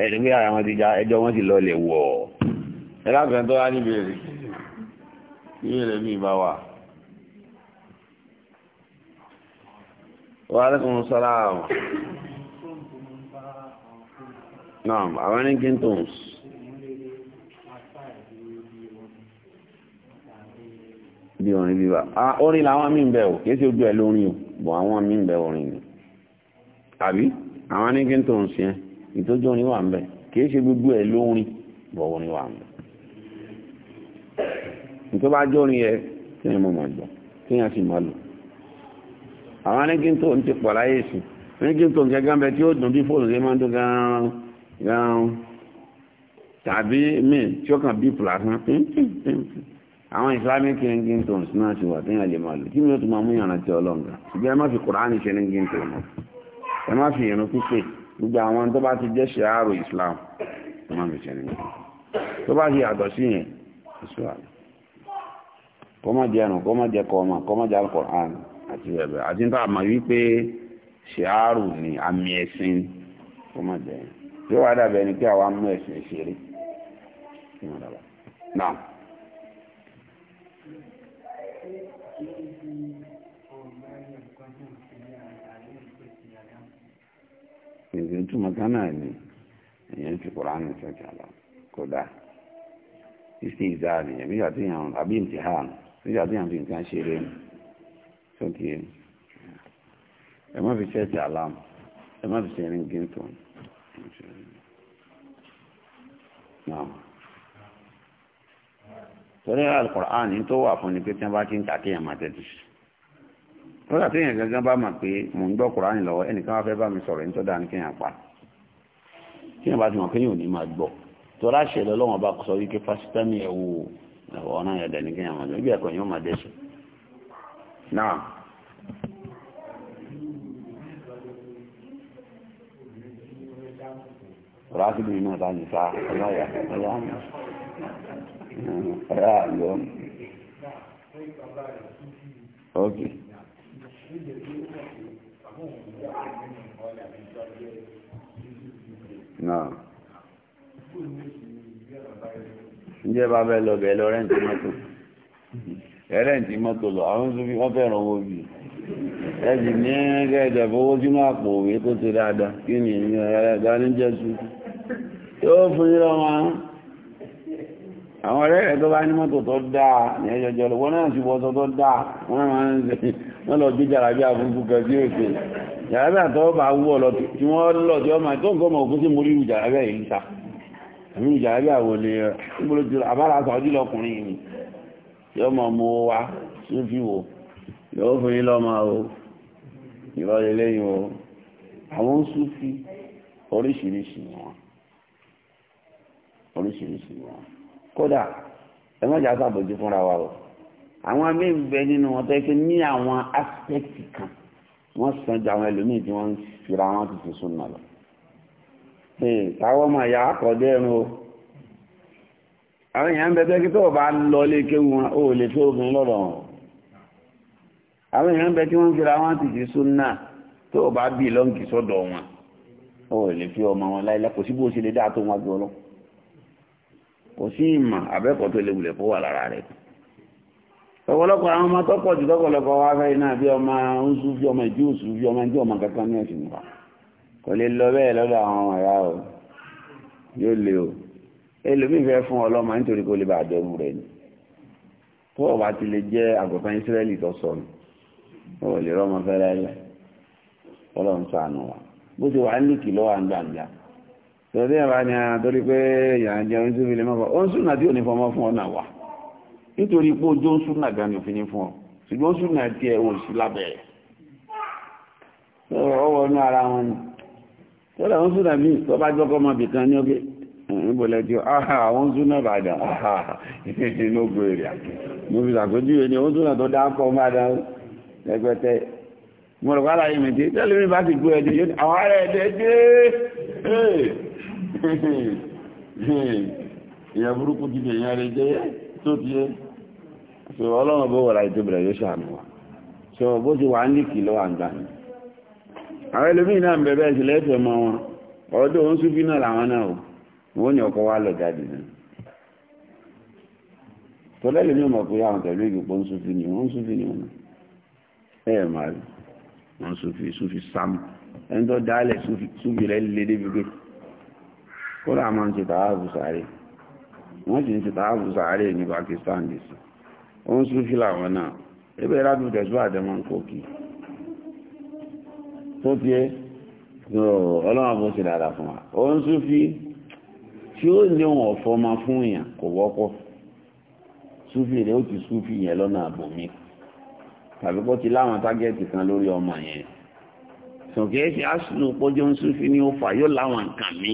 ẹ̀rì pé ara wọn ti já ẹjọ́ wọn ti lọ lè wọ̀ ẹlábẹ̀ẹ́ tó wá ní béèrè ìbéèrè míì bá wà wa alaikum salaam naam àwọn ní kí n tó ń sọ bí orin bíbá orin làwọn míì bẹ̀ ò kìí sí ojú ẹ̀ lórin o bọ̀ àwọn míì bẹ̀ orin ni àbí àwọn ní kí n tó ń sìn ìtọ́jú orin wà ń bẹ̀ kìí ṣe gbogbo ẹ̀ lórin bọ̀ orin wà ń bẹ̀ nítorí bá jọ orin yẹ kí ni mo mọ̀ gbọ́ kí ni a sì mọ̀ lò àwọn ní kí n tó ń ti pọ̀ láyé sùn ní kí n tó ń kẹ́ gánbẹ tí ó dùn bí fóònù ṣe máa ń dún gan-an tàbí míì tí ó kàn bí pùlà kan àwọn islamic engine tones náà ti wà téèyàn lè máa lò kí ni ó tún máa mú yàrá ti ọlọ́ǹgà ṣùgbọ́n ẹ má fi kùránì ṣe ní engine tone mọ́ ẹ má fi ìrún pípé gbogbo àwọn tó bá ti jẹ́ ṣe àárò islam ẹ má fi ṣe ní engine tó bá ti yàtọ̀ sí yẹn oṣù àlọ́ kó má jẹ ẹnu kó má jẹ kọ́mà kó má jẹ alukọ̀rán àti ẹ̀bẹ̀ àti nípa àmọ́ wípé ṣe ni àmì ẹ̀sìn kó má jẹ yẹn tí ó wá dàbẹ̀ ni pé àwa mú ẹ̀sìn ṣeré kí wọ́n dàbà náà. kì í ṣe túmọ̀ kan náà ni èèyàn fi kùránì sẹ́kẹ̀ àlọ́ kódà ìsì ìzáà nìyẹn nígbà tí yàn àbí ìtìhàn nígbà tí yàn fi nǹkan ṣe rẹ̀ sókè ẹ má fi sẹ́kẹ̀ àlọ́ ẹ má fi ṣe ní gíntùn. Now torí alkùránì tó wà fún ní pé tí wọ́n bá ti ń kàkíyàn máa tẹ́tí sí nígbà tó yẹn gangan bá mà pé mò ń gbọ́ kùránì lọ́wọ́ ẹnìkan wá fẹ́ bá mi sọ̀rọ̀ ẹni dáa ní kéèyàn pa kéèyàn bá ti mọ̀ kéèyàn ò ní máa gbọ́ lọ bá sọ wípé pásítọ́ ẹ̀wọ̀ ọ̀nà ẹ̀dẹ̀ ní kéèyàn máa ẹ̀kọ́ níbi tí ó mọ̀ sí àwọn òun ìyá ọ̀gbìn nìkan ní àbí ìjọ ayé náà. ǹjẹ́ bá bẹ́ẹ̀ lọ bẹ́ẹ̀ lọ rẹ́ǹtì mọ́tò rẹ́ǹtì mọ́tò lọ àwọn tó fi wọ́n fẹ́ràn owó bì ẹ sì ní kẹ́ẹ̀kẹ́ fowó sínú àpò òwe tó ti dáadáa kí ni ẹ̀ẹ́dá ní jẹ́ yóò fún yín lọ́wọ́ wọ́n lọ gbé jàràbí àbúrúkú kan tí ó ṣe jàràbí bá wú ọ̀lọ́ tí wọ́n lọ tí wọ́n máa tó nǹkan ọmọkún sí morí jàràbí èyí ta àmì jàràbí àwọ̀ lè gbọ́dọ̀ jù àbára lọkùnrin ni tí ọmọ mo wá tó fi wò yóò fún yín lọ́mọ o ìrọ̀lẹ́ lẹ́yìn o àwọn súfì oríṣiríṣi wọn oríṣiríṣi wọn kódà ẹ má jà sábòjú fúnra wa o àwọn míì ń bẹ nínú wọn tẹ́ pé ní àwọn aspect kan wọ́n sàn ju àwọn ẹlòmíì tí wọ́n ń fira wọn ti fi súnà lọ. táwọn ọmọ ìyá àkọ́dé ẹnu o àwọn èèyàn ń bẹ tẹ́ pé tó o bá lọ lé kéwu wọn o lè fẹ́ obìnrin lọ́dọ̀ wọn. àwọn èèyàn ń bẹ tí wọ́n ń fira wọn ti fi súnà tó o bá bí lọ́ǹkì sọ́dọ̀ wọn o lè fi ọmọ wọn láyé kò sí bó ṣe lè dáa tó wọn gbọ́ lọ kò sí ìmọ̀ àbẹ́kọ̀ọ́ tó lè wulẹ̀ fọwọ́ lára rẹ̀ kù ọ̀pọ̀lọpọ̀ àwọn ọmọ tọ́pọ̀ jù lọ́pọ̀lọpọ̀ wá fẹ́ iná bí ọmọ oúnṣù bí ọmọ ìjú òṣù bí ọmọ ìjú ọmọ kankan ní ẹ̀sìn nípa kò lè lọ bẹ́ẹ̀ lọ́dọ̀ àwọn ọmọ ìyá o yóò lè o ẹlòmíì fẹ́ fún ọlọ́mọ nítorí kó lè bá àdẹ́rù rẹ̀ ni tó o bá ti lè jẹ́ àgùntàn Ísírẹ́lì tó sọnù ó lè rọ́mọ fẹ́rẹ́ lẹ̀ ọlọ́run ṣàánú wa bó ti wà ń lùkì lọ́wọ́ à ń gbàǹgbà tòlẹ́ ìbá ni àtọ́rí pé ìyà ń nítorí pé ojú ń súnà gan ni òfin ní fún ọ ṣùgbọ́n ó súnà tí ẹ wò sí lábẹ́rẹ̀ ọwọ́ inú ara wọn ni tọ́lá ń súnà míì tó bá jọ́kọ́ ọmọ ibìkan ní ọgbẹ́ ìbòlẹ̀ tí àwọn ń súnà bàdà inú ogun èrè àti mo fi ṣàpèjúwe ni ó ń súnà tó dákọ̀ ọmọ adá ẹgbẹ́tẹ́ mo rọ̀ wálá yìí mìtì tẹ́lẹ̀ mi bá ti gbó ẹ̀dẹ̀ yóò àwọn ará ẹ̀dẹ̀ dé ìyẹn burúkú ti dè yẹn rẹ̀ jẹ́ tó ti yẹ so ọlọ́run bó wọ̀lá ètò ìbẹ̀rẹ̀ yóò ṣàánú wa so bó ti wà ní kìlọ́ àgbà ni àwọn ẹlòmíì náà bẹ̀rẹ̀ ìṣẹ̀lẹ̀ ẹ̀fẹ̀ mọ́ wọn ọdún òun súnfí náà làwọn náà wọ́n ní ọkọ̀ wa lọ jáde náà tọ́lẹ́ lèmi mọ̀ pé àwọn tẹ̀lé ìgbòpó ń súnfí ni wọ́n ń súnfí ni wọn ẹ̀ máa rí wọ́n súnfí súnfí sáàmù ẹni tó dálẹ̀ súnfí rẹ̀ lé débi pé kó làwọn máa ń ṣe tààbù sáré wọ́n sì ń ṣe tààbù sáré ní Pakistan dìsí ó ń sún fílà wọn náà ebe rádùn tẹ̀síwá àdẹ́mọ́ ń kó kí tó ti ẹ́ ọlọ́run bó ti dára fún wa ó ń sún fí tí ó ní òun ọ̀fọ́ máa fún èèyàn kò wọ́pọ̀ súfì rẹ̀ ó ti súfì yẹn lọ́nà àbòmí tàbí kó ti láwọn tágẹ́ẹ̀tì kan lórí ọmọ yẹn sọ̀kẹ́ ẹ̀ ṣe àṣùnú pọ́jọ́ ń súfì ní ó fà yóò láwọn nǹkan mi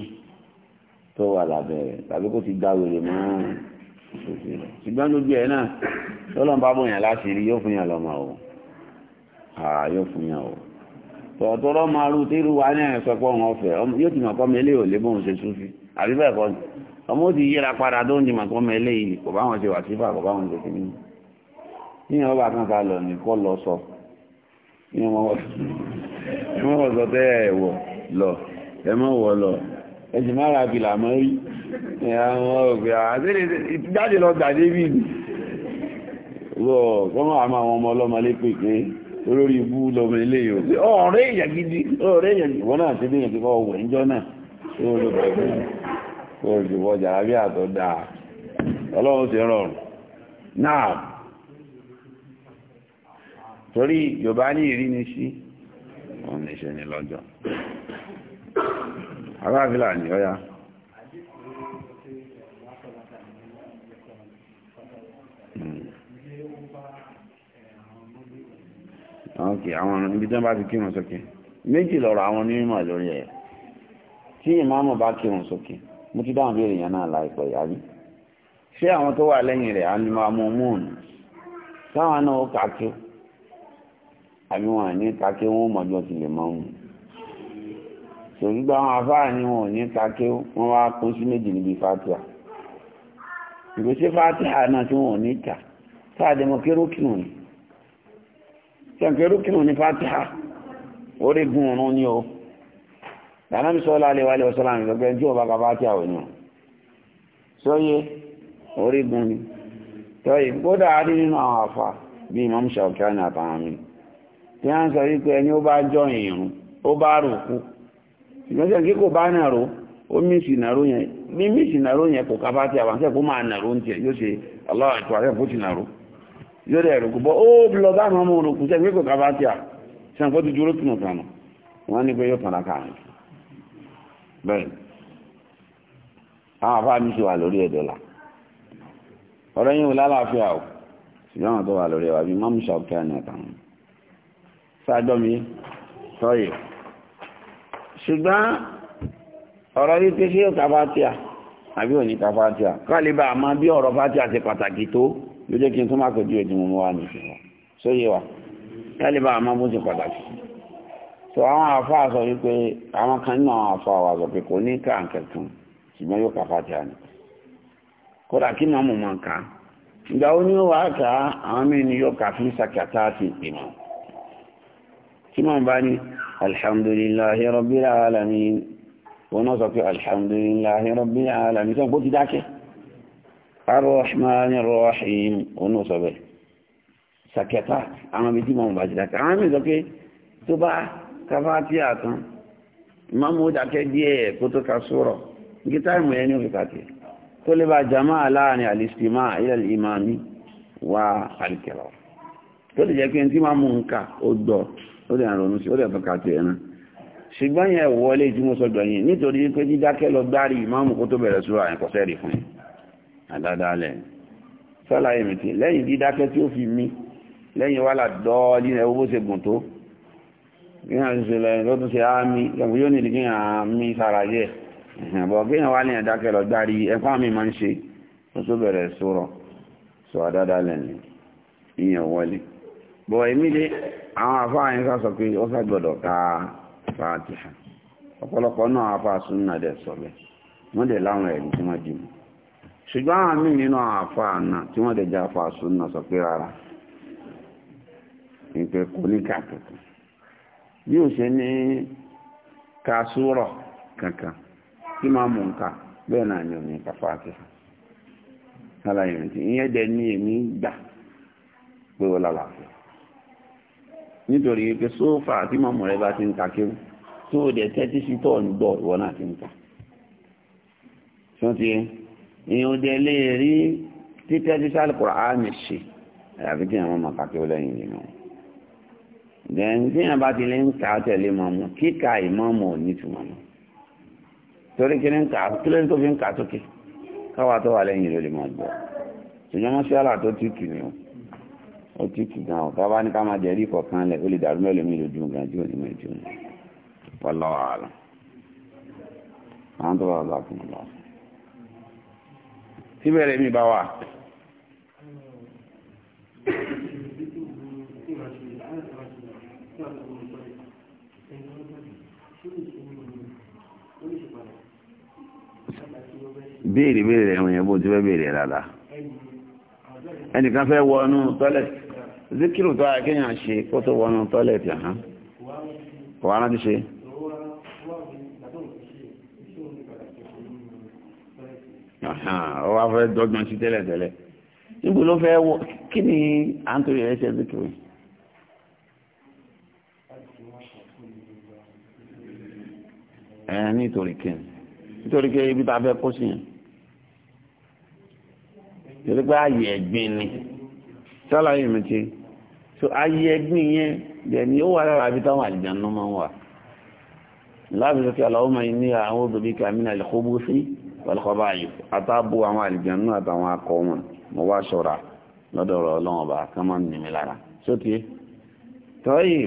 tó wà lábẹ́ rẹ̀ tàbí kó ti dáwèrè mọ́ ṣùgbọ́n gbogbo ẹ̀ náà tọ́lọ́n bá bóyàn láti rí yóò fún yàn lọ́mọ o àà yóò fún yàn o tọ̀tọ̀rọ̀ máa rú tí irú wa ní ẹ̀ sọ pé òun ọ̀fẹ́ yóò ti mọ̀ kọ́mọ ilé ò lé bóun ṣe súnfì àbí bẹ́ẹ̀ kọ́ ọmọ ó ti yíra padà tó ń di mọ̀ kọ́mọ ilé yìí kò bá ṣe wà sífà kò bá wọn ṣe kìíní yíyan ọba kan ta lọ àwọn ògbà àtẹ́lẹ̀ jáde lọ gbàdé bí i lọ kọ́mọ̀ àmà àwọn ọmọ ọlọ́mọ lépè pé olórí ibú lọmọ ilé yóò pé ọ̀rẹ́ èèyàn gidi ọ̀rẹ́ èèyàn gidi wọ́n náà ti bí èèyàn kíkọ́ ọwọ́ ìjọ náà tó ló bẹ̀rẹ̀ tó olùbọ̀ jàrábí àtọ́ dáa ọlọ́run ti rọrùn náà torí yorùbá ní ìrí ni sí wọn ní ṣe ní lọ́jọ́ aráàfíà ni ọ̀yá. ok àwọn ibi tí wọ́n bá ti kírun sókè méjì lọ́rọ̀ àwọn onímọ̀ lórí ẹ̀ tí ìmáàmù bá kírun sókè mo ti dáhùn béèrè yẹn náà láìpẹ́ yàrí ṣé àwọn tó wà lẹ́yìn rẹ̀ alimamumuun táwọn náà ó kàkí àbí wọn ní kàkí wọn mọ̀jọ́ ti lè mọ́ wọn ṣògbọ́n àwọn afáà ni wọn ò ní kàkí wọn wá kó sí méjì níbi fatia ìgbésẹ̀ fatia náà tí wọn ní kà sáà dẹmọkẹ́rọ́kì wọn ni sẹ́ǹkẹ́rú kí wọ́n ní fatiha orígun ọ̀run ní o dànàmì sọ́lá aléwálé ọ̀sọ́lá mi lọ́gbẹ́ tí ọba kàbá tí àwọn ènìyàn sọ́yé orígun ni tọ́yì kódà adé nínú àwọn àfà bíi imam shaukani àtàwọn mi tí a ń sọ wípé ẹni ó bá jọ ìrùn ó bá rò kú ìgbésẹ̀ kí kò bá nàró ó mísì nàró yẹn bí mísì nàró yẹn kò kàbá tí àwọn akẹ́kọ̀ọ́ máa nàró ń tiẹ̀ yóò ṣe aláwọ̀ ètò akẹ́kọ̀ọ́ ti nàró yóò rẹ̀ rùkú bọ́ ó lọ bá àwọn ọmọ òrùkú sẹ́gbẹ́ kò ká bá tí a ṣe àpótí dúró túnú kanà wọ́n ní pé yóò tàn láka rẹ̀ bẹ́ẹ̀ àwọn afá mi sì wà lórí ẹ̀dọ́ la ọ̀rọ̀ yìí wò lálàáfíà o ṣùgbọ́n àwọn tó wà lórí ẹ̀wà bíi mọ́mú ṣàkóyà ní àtàwọn ṣáájọ́ mi sọ́yè ṣùgbọ́n ọ̀rọ̀ yìí pé ṣé yóò ká tí a àbí òní ká tí a ká ló jẹ́ kí n tó má pẹ̀lú ẹ̀dùn mọ́ wà ní ìfihàn sóyè wa lálẹ́ bá àmọ́ bó ti pàtàkì tó àwọn àfáà sọ wípé àwọn kan nínú àwọn àfáà wà sọ pé kò ní ká nǹkan ṣùgbọ́n yóò kà fàtí àná kódà kí màá mọ̀ máa kà á ìgbà ó ní wàá kà á àwọn mí ni yóò kà fún sàkàtà àti ìpìmọ̀ tí màá bá ní alhamdulillahi rabbil alamin wọn náà sọ pé alhamdulillahi rabbil alamin sọ pé ó ti dákẹ́ arọ́ṣmáni rọ́ṣìn òun náà sọ bẹ́ẹ̀ sàkẹ́tà àwọn ibi tí mọ̀ bá ti dákẹ́ àwọn mìíràn pé tó bá kafá tí a tán mọ́mú dákẹ́ díẹ̀ kó tó ka sọ̀rọ̀ nígbà táìmù yẹn ní òfin kàtẹ́ tó lè bá jama láàrin àlìsímà ilẹ̀ ìmáàmí wá àlìkẹ́lọ́ tó lè jẹ́ pé tí máa mú nǹka ó gbọ́ ó lè ronú sí ó lè tọ́ka tiẹ̀ náà ṣùgbọ́n yẹn wọlé tí mo sọ gbọ̀nyìn nítorí pé dídákẹ́ lọ gbárí ìmáàmù kó tó bẹ̀rẹ̀ sùúrà yẹn kọ́sẹ́rì fún yẹn àdádálẹ̀ sọ́láyé mi ti lẹ́yìn dídákẹ́ tí ó fi mí lẹ́yìn wà ládọ́ọ́lì rẹ̀ owó se gùn tó gíyàn ṣe lẹ́yìn ló tún ṣe ámì lọ́gbọ̀n yóò nílì gíyàn mi máa ń ṣe tó tó bẹ̀rẹ̀ sọ̀rọ̀ sọ àdádálẹ̀ ni ìyẹn wọlé bọ̀ èmi lé àwọn afáàyàn sá sọ pé ó ọ̀pọ̀lọpọ̀ náà afáàsùn náà dẹ̀ sọ bẹ́ẹ̀ láwọn ẹ̀rí tí wọ́n dì ṣùgbọ́n àwọn míì nínú ana àna tí wọ́n dẹ̀ jẹ́ àfa súnà sọ pé rárá ka kò ní kàkùkù bí ó ṣe ní kankan tí máa mú nǹkan bẹ́ẹ̀ náà ni òní kàfà àti sálàyé rẹ̀ tí ìyẹn dẹ̀ ní èmi gbà pé ó lálàáfíà nítorí pé sófà tí rẹ bá ti ń ta kéwù tó o ti ń èèyàn dẹ̀ lè rí títẹ́ tí sálùkùrọ̀ á mi ṣe àyàfi tí àwọn màkà kí ó lẹ́yìn nínú dẹ̀ẹ́n tí àwọn bá ti lè ń kà á tẹ̀lé mọ́mú kíkà ìmọ̀mù ò ní tùmọ̀ mọ́ torí kí ní ń kà á kí ló ń tó fi ń kà á sókè káwà tó wà lẹ́yìn ló lè máa gbọ́ ṣùgbọ́n wọ́n ṣe àlà tó tìtù ni ó tìtù gan ọ̀tá bá ní ká máa jẹ̀rí kọ̀ọ̀kan lẹ̀ ó lè dàrú mẹ́lòó mi lójú gan tí ò ní mọ̀ ètò wọ́n lọ́wọ́ àlọ́ àwọn tó bá wà lọ́wọ́ síbẹ̀rẹ̀ mi bá wà. béèrè béèrè rẹ̀ wọ̀nyẹn bó ti fẹ́ béèrè rárá ẹnìkan fẹ́ wọnú tọ́lẹ̀tì zikiru tó ayé kéèyàn ṣe kó tó wọnú tọ́lẹ̀tì ọ̀hán wàhánà ti ṣe. ọ wá fẹ́ dọ́gbọ́n sí tẹ́lẹ̀tẹ́lẹ̀ níbo ló fẹ́ wọ kí ni à ń torí rẹ̀ ṣe zikiri ẹ nítorí kí nítorí kí ibi tá a fẹ́ kó sí yẹn torí pé ààyè ẹ̀gbin ni sálàyé mi ti so ààyè ẹ̀gbin yẹn dẹ̀ni ó wà lára ibi táwọn àlìjáná máa ń wà láàbí sọ́kẹ́ Allahumma inni a'udhu bika minal khubuthi wàlúkọ́bá yìí àtàbù àwọn àlìjẹ̀nú àtàwọn akọ wọn mo wá ṣọ́ra lọ́dọ̀ ọ̀rọ̀ ọlọ́wọ́n bá kán máa ń nìmi lára sóti tọ́yì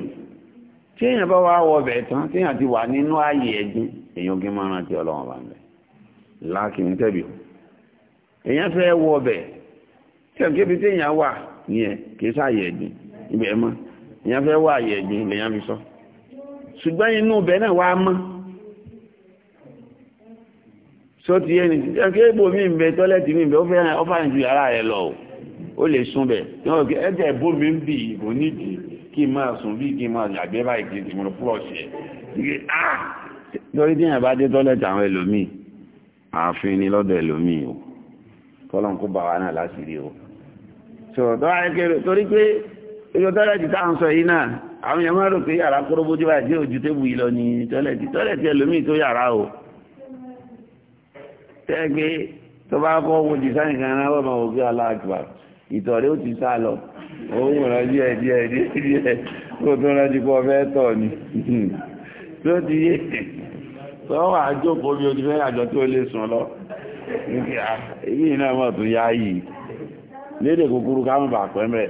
tí èèyàn bá wá wọ bẹ̀ tán tí èèyàn ti wà nínú ààyè ẹ̀gbin èèyàn gé máa rántí ọlọ́wọ́n bá ń bẹ̀ láàkìní tẹ̀bí èèyàn fẹ́ wọ bẹ̀ tí èèyàn só ti ẹni kí ébò mí ń bẹ tọ́lẹ́tì mí ń bẹ ó fàyìn ju yàrá rẹ lọ ó lè sún bẹ ẹjẹ ìbò mi ń bì ìbò nídìí kí n máa sùn bí kí n máa yàgbẹ́ báyìí kí n ti mọ̀ fúlọ̀ṣẹ̀ lórí díẹ̀ bá dé tọ́lẹ̀tì àwọn ẹlòmíì ààfin ni lọ́dọ̀ ẹlòmíì o tọ́lọ́n kó bá wa náà láṣìírí o torí pé ìjọ tọ́lẹ̀tì táà ń sọ yìí náà àwọn èèyàn máa rò pé yàrá kóróbójú báyìí tí òjú tébù yìí lọ ní tọ́lẹ̀tì tọ́lẹ̀tì ẹlòmíì tó yàrá o tẹ́gbé tó bá fọ́ wo jù sáyìn kan náà wọ́n máa wò pé aláàgbà ìtọ̀rẹ́ ó ti sá lọ òun ràn díẹ̀ díẹ̀ díẹ̀ tó tó rán jù pọ̀ fẹ́ tọ̀ ni tó ti yé tó wà jókòó bí o ti fẹ́ àjọ tó lè sùn lọ èyí náà mọ̀ tó yá yìí lédè kúkúrú ká mọ̀ bà pẹ́ mẹ́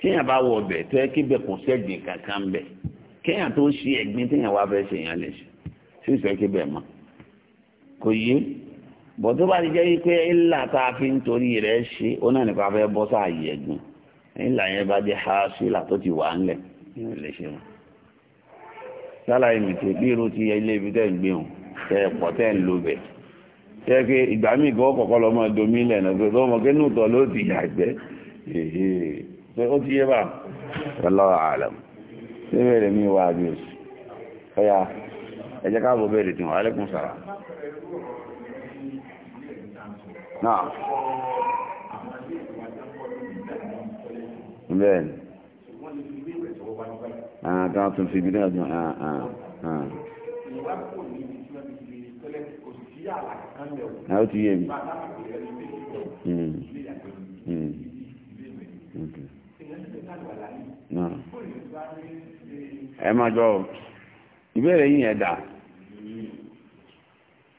kéèyàn bá wọ ọbẹ̀ tó yẹ kí bẹ̀ kò sẹ́gbìn kankan bẹ̀ kéèyàn tó ṣe ẹ̀gbin téèyàn wá fẹ́ ṣèyàn lè ṣe sí ìṣẹ́kí bẹ̀ mọ́ kò yé bọ̀ tó bá ti jẹ́ wípé ìlà tá a fi ń torí rẹ̀ ṣe ó náà nípa fẹ́ bọ́ sáàyè ẹ̀gbìn ìlà yẹn bá jẹ́ haṣílà tó ti wà ńlẹ̀ nínú ilé ṣe wọn. sálàyé mi tó bí irú ti ilé ibi tẹ́ ń gbé wọn tẹ́ pọ̀ tẹ́ ń lo bẹ̀. tẹ́ pé ìgbà míì gan kọ̀ọ̀kan lọ mọ́ domi ilẹ̀ náà pé tó mọ̀ pé inú ló ti yàgbẹ́ ṣe ó ti yé bá wallahu a'lam ṣé bẹ̀rẹ̀ mi wà bí oṣù ọ̀yà ẹ̀jẹ̀ káàbọ̀ bẹ̀rẹ̀ tí alẹ́kùn sàrà. náà bẹ́ẹ̀ ni àwọn ah, kan tún fi ibi náà dùn án án án. Àwọn ti yé mi. Hmm. Hmm. Ẹ máa jọ o, ìbéèrè yìí yẹn dà.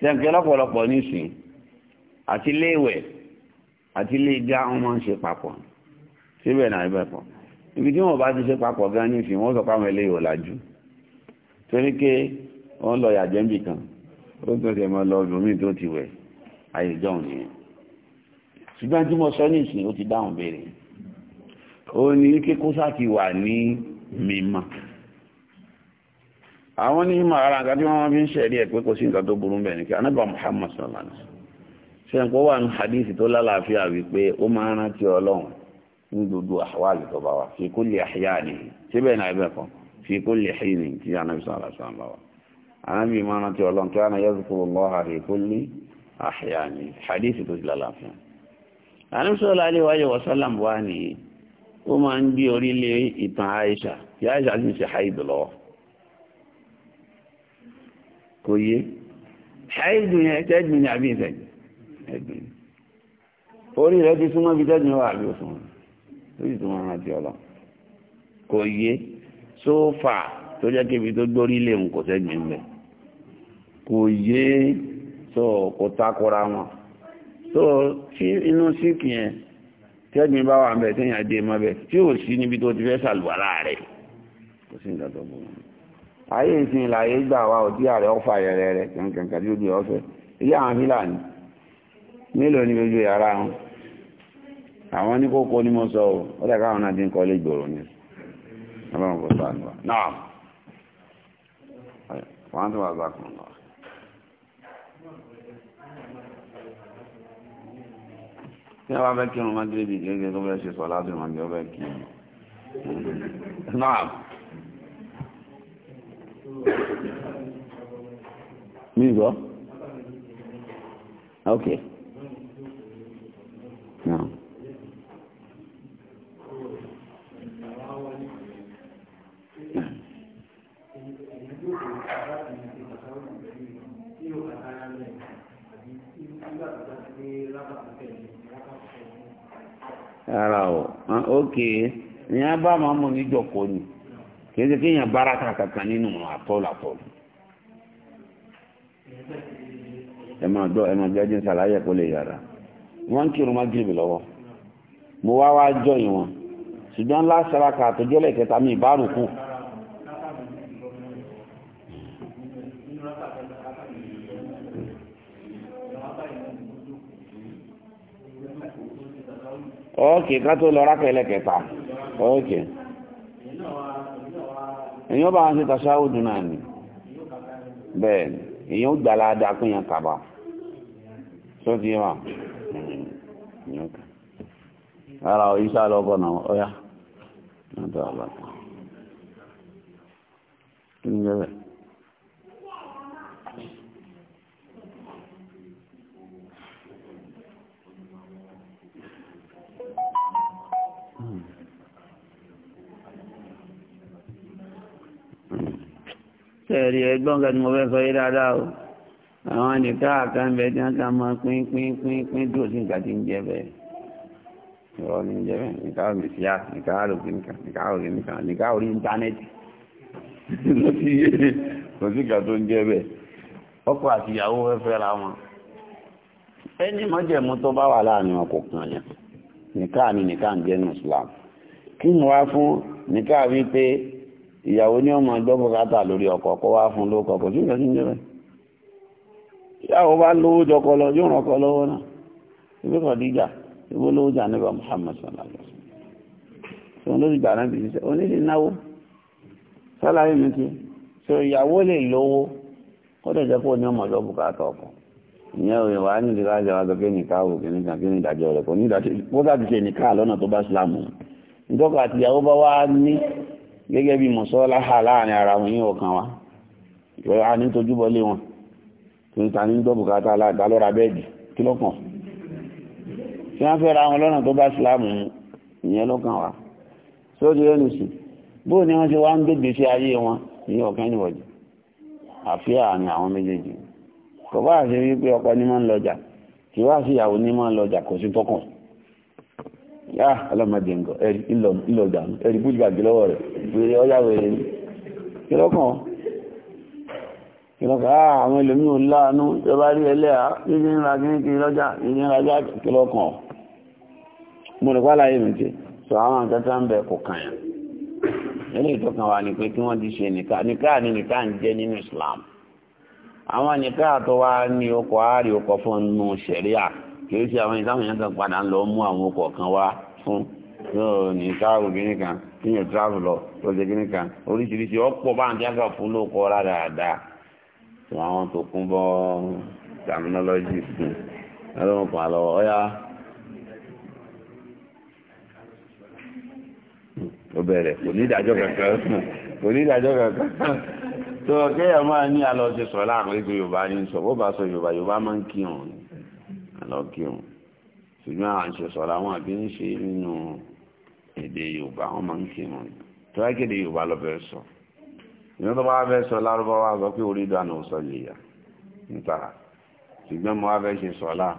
Ṣé n kí lọ́pọ̀lọpọ̀ nísìnyí? àti ilé ìwẹ̀ àti ilé ìgá wọn máa ń ṣe papọ̀ síbẹ̀ náà ibẹ̀ pọ̀ ibi tí wọn bá ti ṣe papọ̀ gan ní ìsìn wọn sọ pé àwọn ilé ìwẹ̀ làjú torí pé wọn lọ yàjẹ́ níbì kan ó tún ṣe máa lọ obìnrin tó ti wẹ̀ ayé ìjọun nìyẹn ṣùgbọ́n tí mo sọ ní ìsìn ó ti dáhùn béèrè ó ní kíkó sá ti wà ní mímọ́ àwọn onímọ̀ ara nǹkan tí wọ́n fi ń ṣẹ̀rí ẹ̀ pé kò sí nǹkan tó burú bẹ́ẹ̀ ni kí anábà Muhammad sallallahu alaihi wasallam ṣẹ́yìnpọ̀ wà ní hadith tó lálàáfíà wípé ó máa ń rántí ọlọ́run ní gbogbo àwàlì tó bá wà fi kulli ahyani síbẹ̀ náà ẹgbẹ́ kan fi kulli hini tí anábì sọ̀rọ̀ sọ̀rọ̀ bá wà anábì máa rántí ọlọ́run tó yàrá yazkurullaha fi kulli ahyani hadith tó ti lálàáfíà anábì sọ̀rọ̀ alẹ́ wáyé wa sálàm wá ní ó máa ń gbé orílẹ̀ ìtàn Aisha kí Aisha sì ṣe haid lọ́wọ́ kò yé haid yẹn tẹ́gbìn ní ẹ̀gbìn orí rẹ̀ ti súnmọ́ bí tẹ́gbìn wà bí ó súnmọ́ tó sì túnmọ́ rántí ọlọ́ kò yé sófà tó jẹ́ kébi tó gbórí lè ń kò sẹ́gbìn ń bẹ̀ kò yé tó kò takora wọn tó tí inú síkì yẹn tẹ́gbìn bá wà ń bẹ̀ téèyàn dé mọ́ bẹ̀ tí ò sí níbi tó ti fẹ́ sàlùwàlá rẹ̀ kò sí nǹkan tó bọ̀ ayé ìsìn ìlàyé gbà wa òdí ààrẹ ọfà yẹrẹ rẹ kẹ̀kẹ̀kẹ̀ tí ó di ọfẹ ilé àwọn fílàní mélòó ní gbogbo yàrá wọn àwọn ní kókó ní mo sọ ọ ó dẹ̀ káwọn náà ti ń kọ́ lé gbòòrò ni ọlọ́run kò sọ àná náà wọ́n tó wà bá kan lọ. tí wọ́n bá fẹ́ kírun máa dé ibi gẹ́gẹ́ tó fẹ́ ṣe sọ ládùn máa ok. نعم ara ọ̀ ókè ní a bá máa mọ̀ níjọ̀kọ́ ni kìí ṣe kéèyàn bára kankan nínú àtọ́làtọ́lù ẹ máa gbọ́ ẹ máa gbọ́ ẹjẹ́ ń ṣàlàyé kó lè yára. wọ́n ń kírun magrib lọ́wọ́ mo wá wá jọ ìwọ̀n ṣùgbọ́n lásàràkà àtòjọ́lẹ̀ kẹta mi ìbárùn kù ókè ká tó lọ rákà ẹlẹ́kẹta ókè èyàn bá wọn ṣe tàṣáwùdù náà ni bẹ́ẹ̀ èyàn gbàládà pínyàn kàbà sọ́tí wà. èèyàn kan ara ò iṣẹ́ náà ọ̀yá lọ́dọ̀ àlọ́kọ̀ kí ni bẹ́ẹ̀ Ṣẹ̀rí ẹgbọ́n gẹ̀ẹ́ni fẹ́ sọ yí dáadáa o àwọn nìkan àkànbẹ tí wọn kà máa pín pín pín pín tó sí nǹkan tí ń jẹ bẹ́ẹ̀ ìrọ ní jẹ bẹ́ẹ̀ nìkan orí síá nìkan orí nìkan nìkan orí nìkan nìkan orí íńtánẹ́ẹ̀tì ló ti yé kò sí nǹkan tó ń jẹ bẹ́ẹ̀ ọkọ àti ìyàwó fẹ́ fẹ́ra wọn ẹni mọ́jẹ̀mú tó bá wà láàrin wọn kò kàn yẹn nìkan ni nìkan jẹ́ nù Islam kí ni wá fún nìkan wípé ìyàwó ní ọmọ ẹgbẹ́ bùkátà lórí ọkọ kó wá fún lóko kò sí nǹkan tó ń jẹ bẹ́ẹ̀ ìyàwó bá lówó jọkọ lọ yóò ràn kọ lọ́wọ́ náà ibi kọ̀díjà ibi lówó jà níbà Muhammad sallallahu alaihi wasallam tí wọ́n lórí gbàrán bìí sẹ́ oníṣẹ́ náwó sálárì mi ti sọ ìyàwó lè lówó kọ́dọ̀ jẹ́ kó ní ọmọ ọjọ́ bùkátà ọkọ̀ ìyẹn òye wà ní ìdílé àjọ àjọ kí nìka wò kí nìkan kí ní ìdájọ́ rẹ̀ kò ní ìdájọ́ kó láti ṣe nìka lọ́nà tó bá sílámù ìjọba àti ìyàwó bá wá ní gẹ́gẹ́ bí mọ̀sọ́lá hà láàrin ara wọn yín ọkàn wa ìwọ̀n a ní tojúbọ lé wọn ní ta ní gbọ́ bùkátà aláàdá lọ́ra bẹ́ẹ̀dì kí lọ́kàn tí wọ́n fẹ́ ra wọn lọ́nà tó bá sílámù ìyẹn lọ́kàn wa sóòdì rẹ̀ nìsí bó ni wọ́n ṣe wá ń gbègbè sí ayé wọn ní ọ̀kan níwọ̀jì àfíà ni àwọn méjèèjì kò bá ṣe wípé ọkọ ní máa ń lọjà kì wá sí ìyàwó ní máa ń lọjà kò sí tọkàn yá ọlọ́mọdé nǹkan ẹ̀rí ìlọjà ẹ̀rí bújúbàjì ìlọ́pàá ah, àwọn ẹlòmí ò láàánú ìjọba rí ẹlẹ́à níbi ń ra gíní kiri lọ́jà níbi ń rajá kìlọ́kàn mo rẹ̀ pàlà yìí mìtì sọ àwọn nǹkan tó ń bẹ kò kàyàn nínú ìtọ́kàn wa ni pé kí wọ́n ti ṣe nìka nìka ni nìka ń jẹ́ nínú Islam àwọn nìka tó wá ní okọ̀ àárí okọ̀ fún nù sẹ̀ríà kìí ṣe àwọn ìsáwọn yẹn kan padà ń lọ mú àwọn okọ̀ kan wá fún ní káàrù gíní kan kíyàn tíráàlù lọ ó ṣe gíní kan oríṣiríṣi ọ̀pọ̀ bá ń jágà fún lóko rárá dáa tí àwọn tó kún bọ́ terminology fún ẹlọ́run pa lọ ọyá ó bẹ̀rẹ̀ kò ní ìdájọ́ kankan kò ní ìdájọ́ kankan tó kéèyàn máa ní alọ́ ti sọ láàrin ibi yorùbá ní sọ bó bá sọ yorùbá yorùbá máa ń kírun ni alọ́ kírun ṣùgbọ́n àwọn àṣẹ sọ̀rọ̀ àwọn àbí ń ṣe nínú èdè yorùbá wọ́n máa ń kírun ni tó wáyé kéde yorùbá lọ bẹ̀rẹ̀ ìyẹn tó bá fẹ́ sọ lárúbáwá sọ pé orí dànù sọ lè yà níta ṣùgbọ́n mo wá fẹ́ ṣe sọ́lá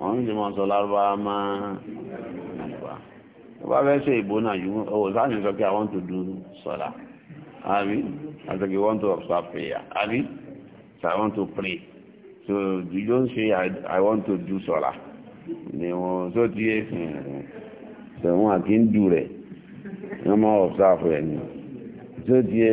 àwọn ìṣe máa sọ lárúbáwá máa nípa tó bá fẹ́ ṣe ìbò náà yìí ó sáà ní sọ pé I want to do sọ́lá àbí àtàkì I want to observe prayer àbí so I want to pray so you don't say I, I want to do sọ́lá ni wọn tó ti yé sẹ̀wọ̀n àti ń dù rẹ̀ wọ́n máa observe rẹ̀ ni tó ti yé.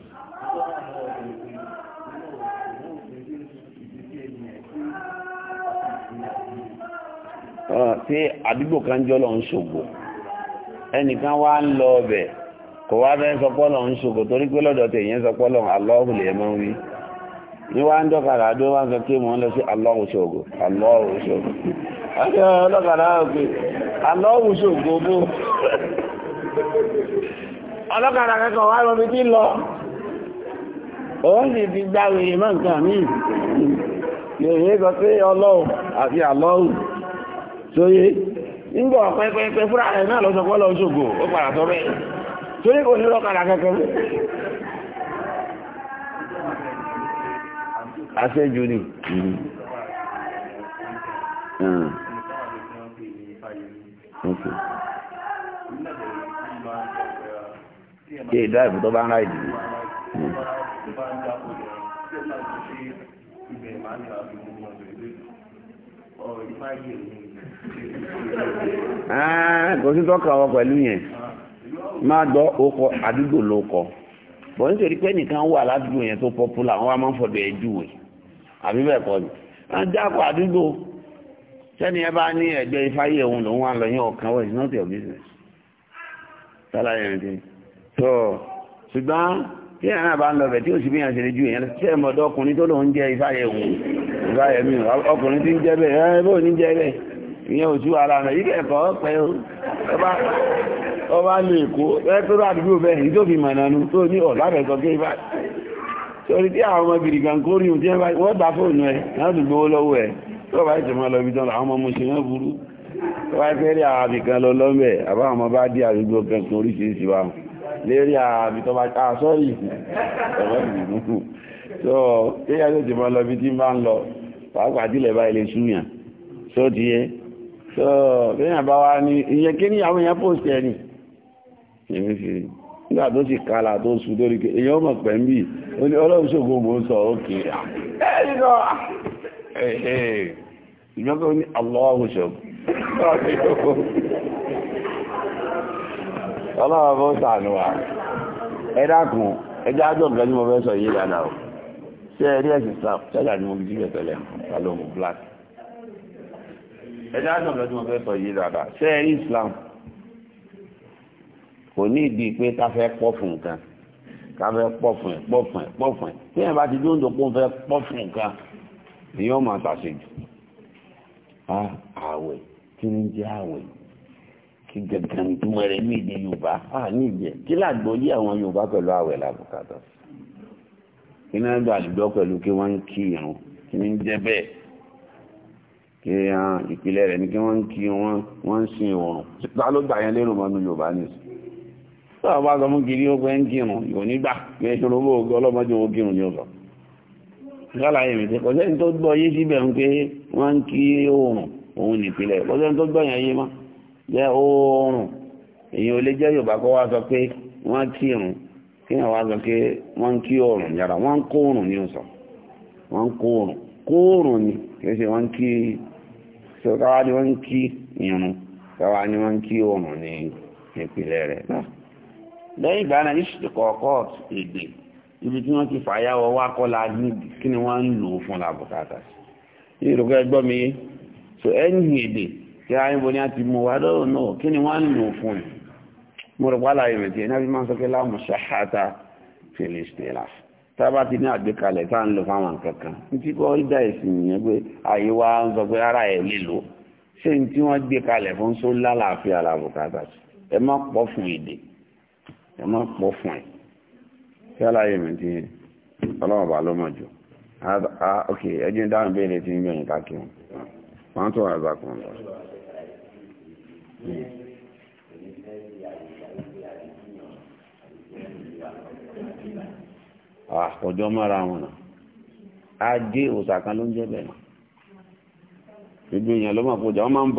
sí àdúgbò kan jọ́ lọ ń ṣògbò ẹnìkan wá ń lọ ọbẹ̀ kò wá fẹ́ sọpọ́lọ̀ ń ṣògbò torí pé lọ́dọ̀ tẹ̀ yẹn sọpọ́lọ̀ aláwọ̀ lè mọ́ ní wá ń dọ́kàrà àdó wá ń sọ pé mò ń lọ sí ọlọ́kàrà lọ bí tí lọ òun sì fi sọ pé sóyé nígbà pẹ́pẹ́pẹ́ fúra rẹ̀ náà lọ́sọ̀kọ́ lọ ṣògo ó padà sọ bẹ́ẹ̀ sóyé kò ní lọ́kàdà aṣẹ́jú ni ọ̀rọ̀ hmm. ìfáyé Ah, kò sí tọ́ka ọ pẹ̀lú yẹn máa gbọ́ okọ àdúgbò ló kọ bọ̀ nítorí pé nìkan wà ládùúgbò yẹn tó pọ́pùlà wọn a máa ń fọ̀dọ̀ ẹ̀ júwe àbí bẹ́ẹ̀ kọ́ ni wọ́n dákọ̀ àdúgbò sẹ́ni ẹ bá ní ẹgbẹ́ ifáyé òun lòun wà lọ́yìn ọ̀kan wọ̀ it's not your business tọ́lá yẹn ti so ṣùgbọ́n tí ẹ̀ náà bá ń lọ́bẹ̀ tí ó sì bí yàn ṣe lè ju èèyàn tí ẹ̀ mọ̀dọ́ ọkùnrin tó lòun jẹ́ ifáyé òun ifáyé mi ọkùnrin ti ń jẹ́ bẹ́ẹ̀ ẹ bó ní jẹ́ ìyẹn ojú ara rẹ̀ ilé ẹ̀kọ́ pẹ́ ọba lè kó ẹ́tọ́rọ àdúgbò bẹ́ ìjọbi mọ̀nànú tó ní ọ̀lábẹ̀ẹ́sọ gé bá torí tí àwọn ọmọ gìrìgàn kó rí oúnjẹ bá wọ́n dá fóònù ẹ̀ láti gbówó lọ́wọ́ ẹ̀ tó bá ìtìmọ̀ lọ ibi tán àwọn ọmọ mọ̀ṣẹ̀ náà burú tó bá fẹ́ rí àbì kan lọ lọ́mẹ̀ àbá àwọn ọmọ bá dí àdúgbò kankan oríṣiríṣi so lẹ́yìn àbá wa ní ìyẹn kí ní àwọn èèyàn post ẹni èmi fi nígbà tó sì kala tó sùn lórí kí èèyàn mọ̀ pẹ̀ ń bì ó ní ọlọ́run ṣògo mò ń sọ òkè ẹ̀yìn sọ ìgbọ́n tó ní ọlọ́run ṣògo ọlọ́run bó sànù wa ẹ dákun ẹ já jọ nǹkan tí mo fẹ́ sọ yìí dáadáa o ṣé ẹ rí ẹ̀sìn sáà ṣẹ́jà ni mo fi síbẹ̀ tẹ́lẹ̀ pàlọ́ ẹ̀dá àjọ lọ́dún wọn fẹ́ sọ yìí dáadáa ṣé ẹ rí Islam kò ní ìdí pé ká fẹ́ pọ̀ fún nǹkan ká fẹ́ pọ̀ fún ẹ̀ pọ̀ fún ẹ̀ pọ̀ fún ẹ̀ tí ẹ̀ bá ti dúró tó fẹ́ pọ̀ fún nǹkan ni yóò máa tàṣe jù àwẹ̀ kí ni jẹ́ àwẹ̀ kí gẹ̀gẹ̀ ní túmọ̀ rẹ̀ ní ìdí Yorùbá ní ìdí ẹ̀ kí làgbọ́ yí àwọn Yorùbá pẹ̀lú àwẹ̀ làbùkátà kí náà gbà lùdọ́ pẹ̀lú kí wọ́n ń kí irun kí ni jẹ́ bẹ́ẹ̀ kí ìpìlẹ̀ rẹ̀ ní kí wọ́n ń kí wọ́n wọ́n ń sin ló gbà yẹn lérò mọ́nú yorùbá nìsí tó àwọn bá ó pẹ́ ń kírun yóò nígbà ọlọ́mọdé owó kírun ni ó sọ mi kò sẹ́ni tó gbọ́ yé síbẹ̀ ń pé wọ́n kí oòrùn òun tó gbọ́ yẹn yé jẹ́ oòrùn ò lè jẹ́ wá sọ pé wọ́n sọ pé wọ́n kí oòrùn yàrá wọ́n wọ́n ni so káwá ni wọ́n ń kí irun káwá ni wọ́n ń kí oòrùn ní ìpìlẹ̀ rẹ̀ náà lẹ́yìn ìgbà náà yíṣù kọ̀ọ̀kọ́ èdè ibi tí wọ́n ti fàyàwọ̀ wá kọ́lá níbi kí ni wọ́n ń lò fún làbùkátà sí ìrùkọ́ ẹgbọ́ mi so ẹ̀yìn èdè tí a ń bo ní ni wọ́n ń lò ó fún mi mo rò pálá ìrètí ẹ̀ náà fi máa ń sọ sábà ti ní àgbékalẹ̀ tá à ń lò fáwọn nǹkan kan títí kọ́ ìdá ìsìn yẹn pé àyè wa ń sọ pé ara ẹ̀ lè lò ṣé ní tí wọ́n gbé kalẹ̀ fún só lálàáfíà làbùkátà ẹ má pọ̀ fún èdè ẹ má pọ̀ fún ẹ̀ kí aláyè mi ti ọlọ́run bá ló mọ̀ jù ok ẹjẹ́ dáhùn béèrè tí ń gbẹ̀yìn káàkiri wọn tó wà zákùn lọ. àpọ̀jọ́ mọ́ra wọn a ajé òòsà kan ló ń jẹ́ bẹ̀rẹ̀ gbogbo èèyàn ló máa pọ̀jà wọ́n máa ń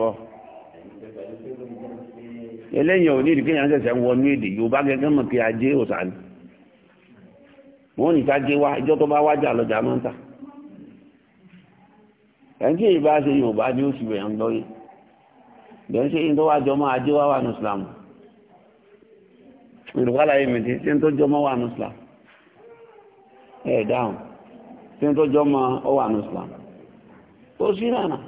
bọ́ eléyìn ò ní ìdí kéèyàn ṣẹ̀ṣẹ̀ wọnú èdè Yorùbá gẹ́gẹ́ mọ̀ kí ajé òòsà ni wọ́n ní wá tó bá wájà lọ́jà máa ń tà ni ó sì wẹ̀ ń lọ́yẹ̀ bẹ́ẹ̀ ṣe ìdọ́wájọ́ máa wá wà ìrùwálà yìí mìtí tí ń tó jọmọ́ wà ní islam ẹ̀ dáhùn tí ń tó jọmọ́ ó wà ní islam ó sí nànà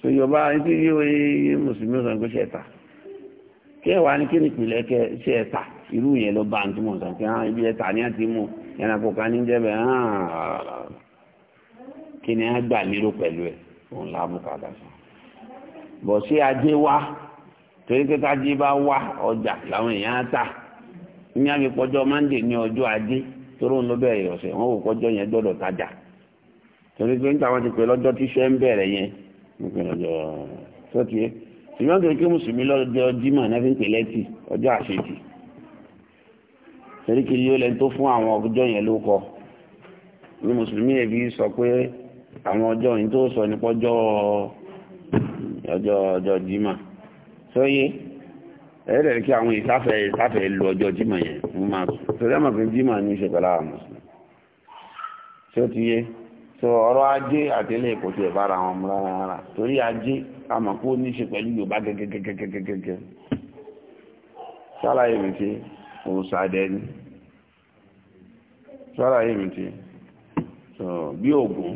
so yorùbá tí yíò yí mùsùlùmí sọ pé ṣe ẹ̀ta kí ẹ̀wà ní kí ni ìpìlẹ̀ kẹ ṣe ẹ̀ta irú yẹn ló bá ń tí mo sọ pé hàn ah, ibi ẹ̀ta ní àti mú ẹranko kan ní jẹ́bẹ̀ hàn ah, kí ni á gbà lérò pẹ̀lú ẹ̀ òun lábùkà dàsán bọ̀ sí ajé wá torí pé kájí bá wá ọjà làwọn èèyàn á tà ní àmì pọ́jọ́ mande ní ọjọ́ ajé torí òun ló bẹ̀rẹ̀ ọ̀sẹ̀ wọn ò pọ́jọ́ yẹn gbọ́dọ̀ tajà torí pé níta wọn ti pè lọ́jọ́ tí iṣẹ́ ń bẹ̀rẹ̀ yẹn nípa ọjọ́ sọ́tì yẹn ṣùgbọ́n torí pé mùsùlùmí lọ́jọ́ jímọ̀ náà fi ń pèlẹ́ tì ọjọ́ àṣetì torí kiri yóò lẹ́ni tó fún àwọn ọjọ́ yẹn ló kọ ní mùsùlùmí yẹn fi sọ pé àwọn ọjọ́ yìí tó sọ nípa ọjọ́ ọjọ́ ọjọ́ sóyé ẹ̀ẹ́dẹ̀ kí àwọn ìsáfẹ́ ìsáfẹ́ lu ọjọ́ jímọ̀ yẹn ń máa sùn torí àmọ̀ pé jímọ̀ ní í ṣe pẹ̀lú àwọn mùsùlùmí tí ó ti yé so ọ̀rọ̀ ajé àtẹlẹ kò tiẹ̀ bára wọn mú rárá torí ajé àmọ̀ kó ní í ṣe pẹ̀lú yorùbá gẹ́gẹ́gẹ́gẹ́gẹ́gẹ́ sálàyé mi ti òòsà dẹni sálàyé mi ti bí ògùn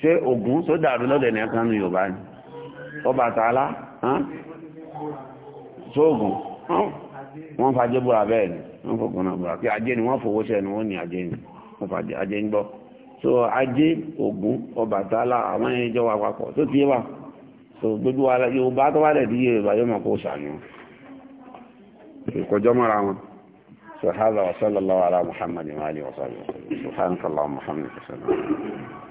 ṣé ògùn sódà àdúlọ́dẹ̀ ní ẹ̀ka nu yorùbá ni ọbàtálá sóògùn wọ́n fàájé búra bẹ́ẹ̀ ni wọ́n fògùn náà búra pé ajé ni wọ́n fowó sẹ́nu wọ́n ní ajé ni wọ́n fàájé ajé ń gbọ́ so ajé ògún Ọbàtálá àwọn ẹni jọ wà papọ̀ tó ti yé wa so gbogbo wa Yorùbá tó wà lẹ̀ di Yorùbá yóò mọ̀ kó sànù ìkọjọ́ mọ́ra wọn so hàzà wa sallallahu ala Muhammadin wa alihi wa sallam subhanahu wa ta'ala Muhammadin wa sallam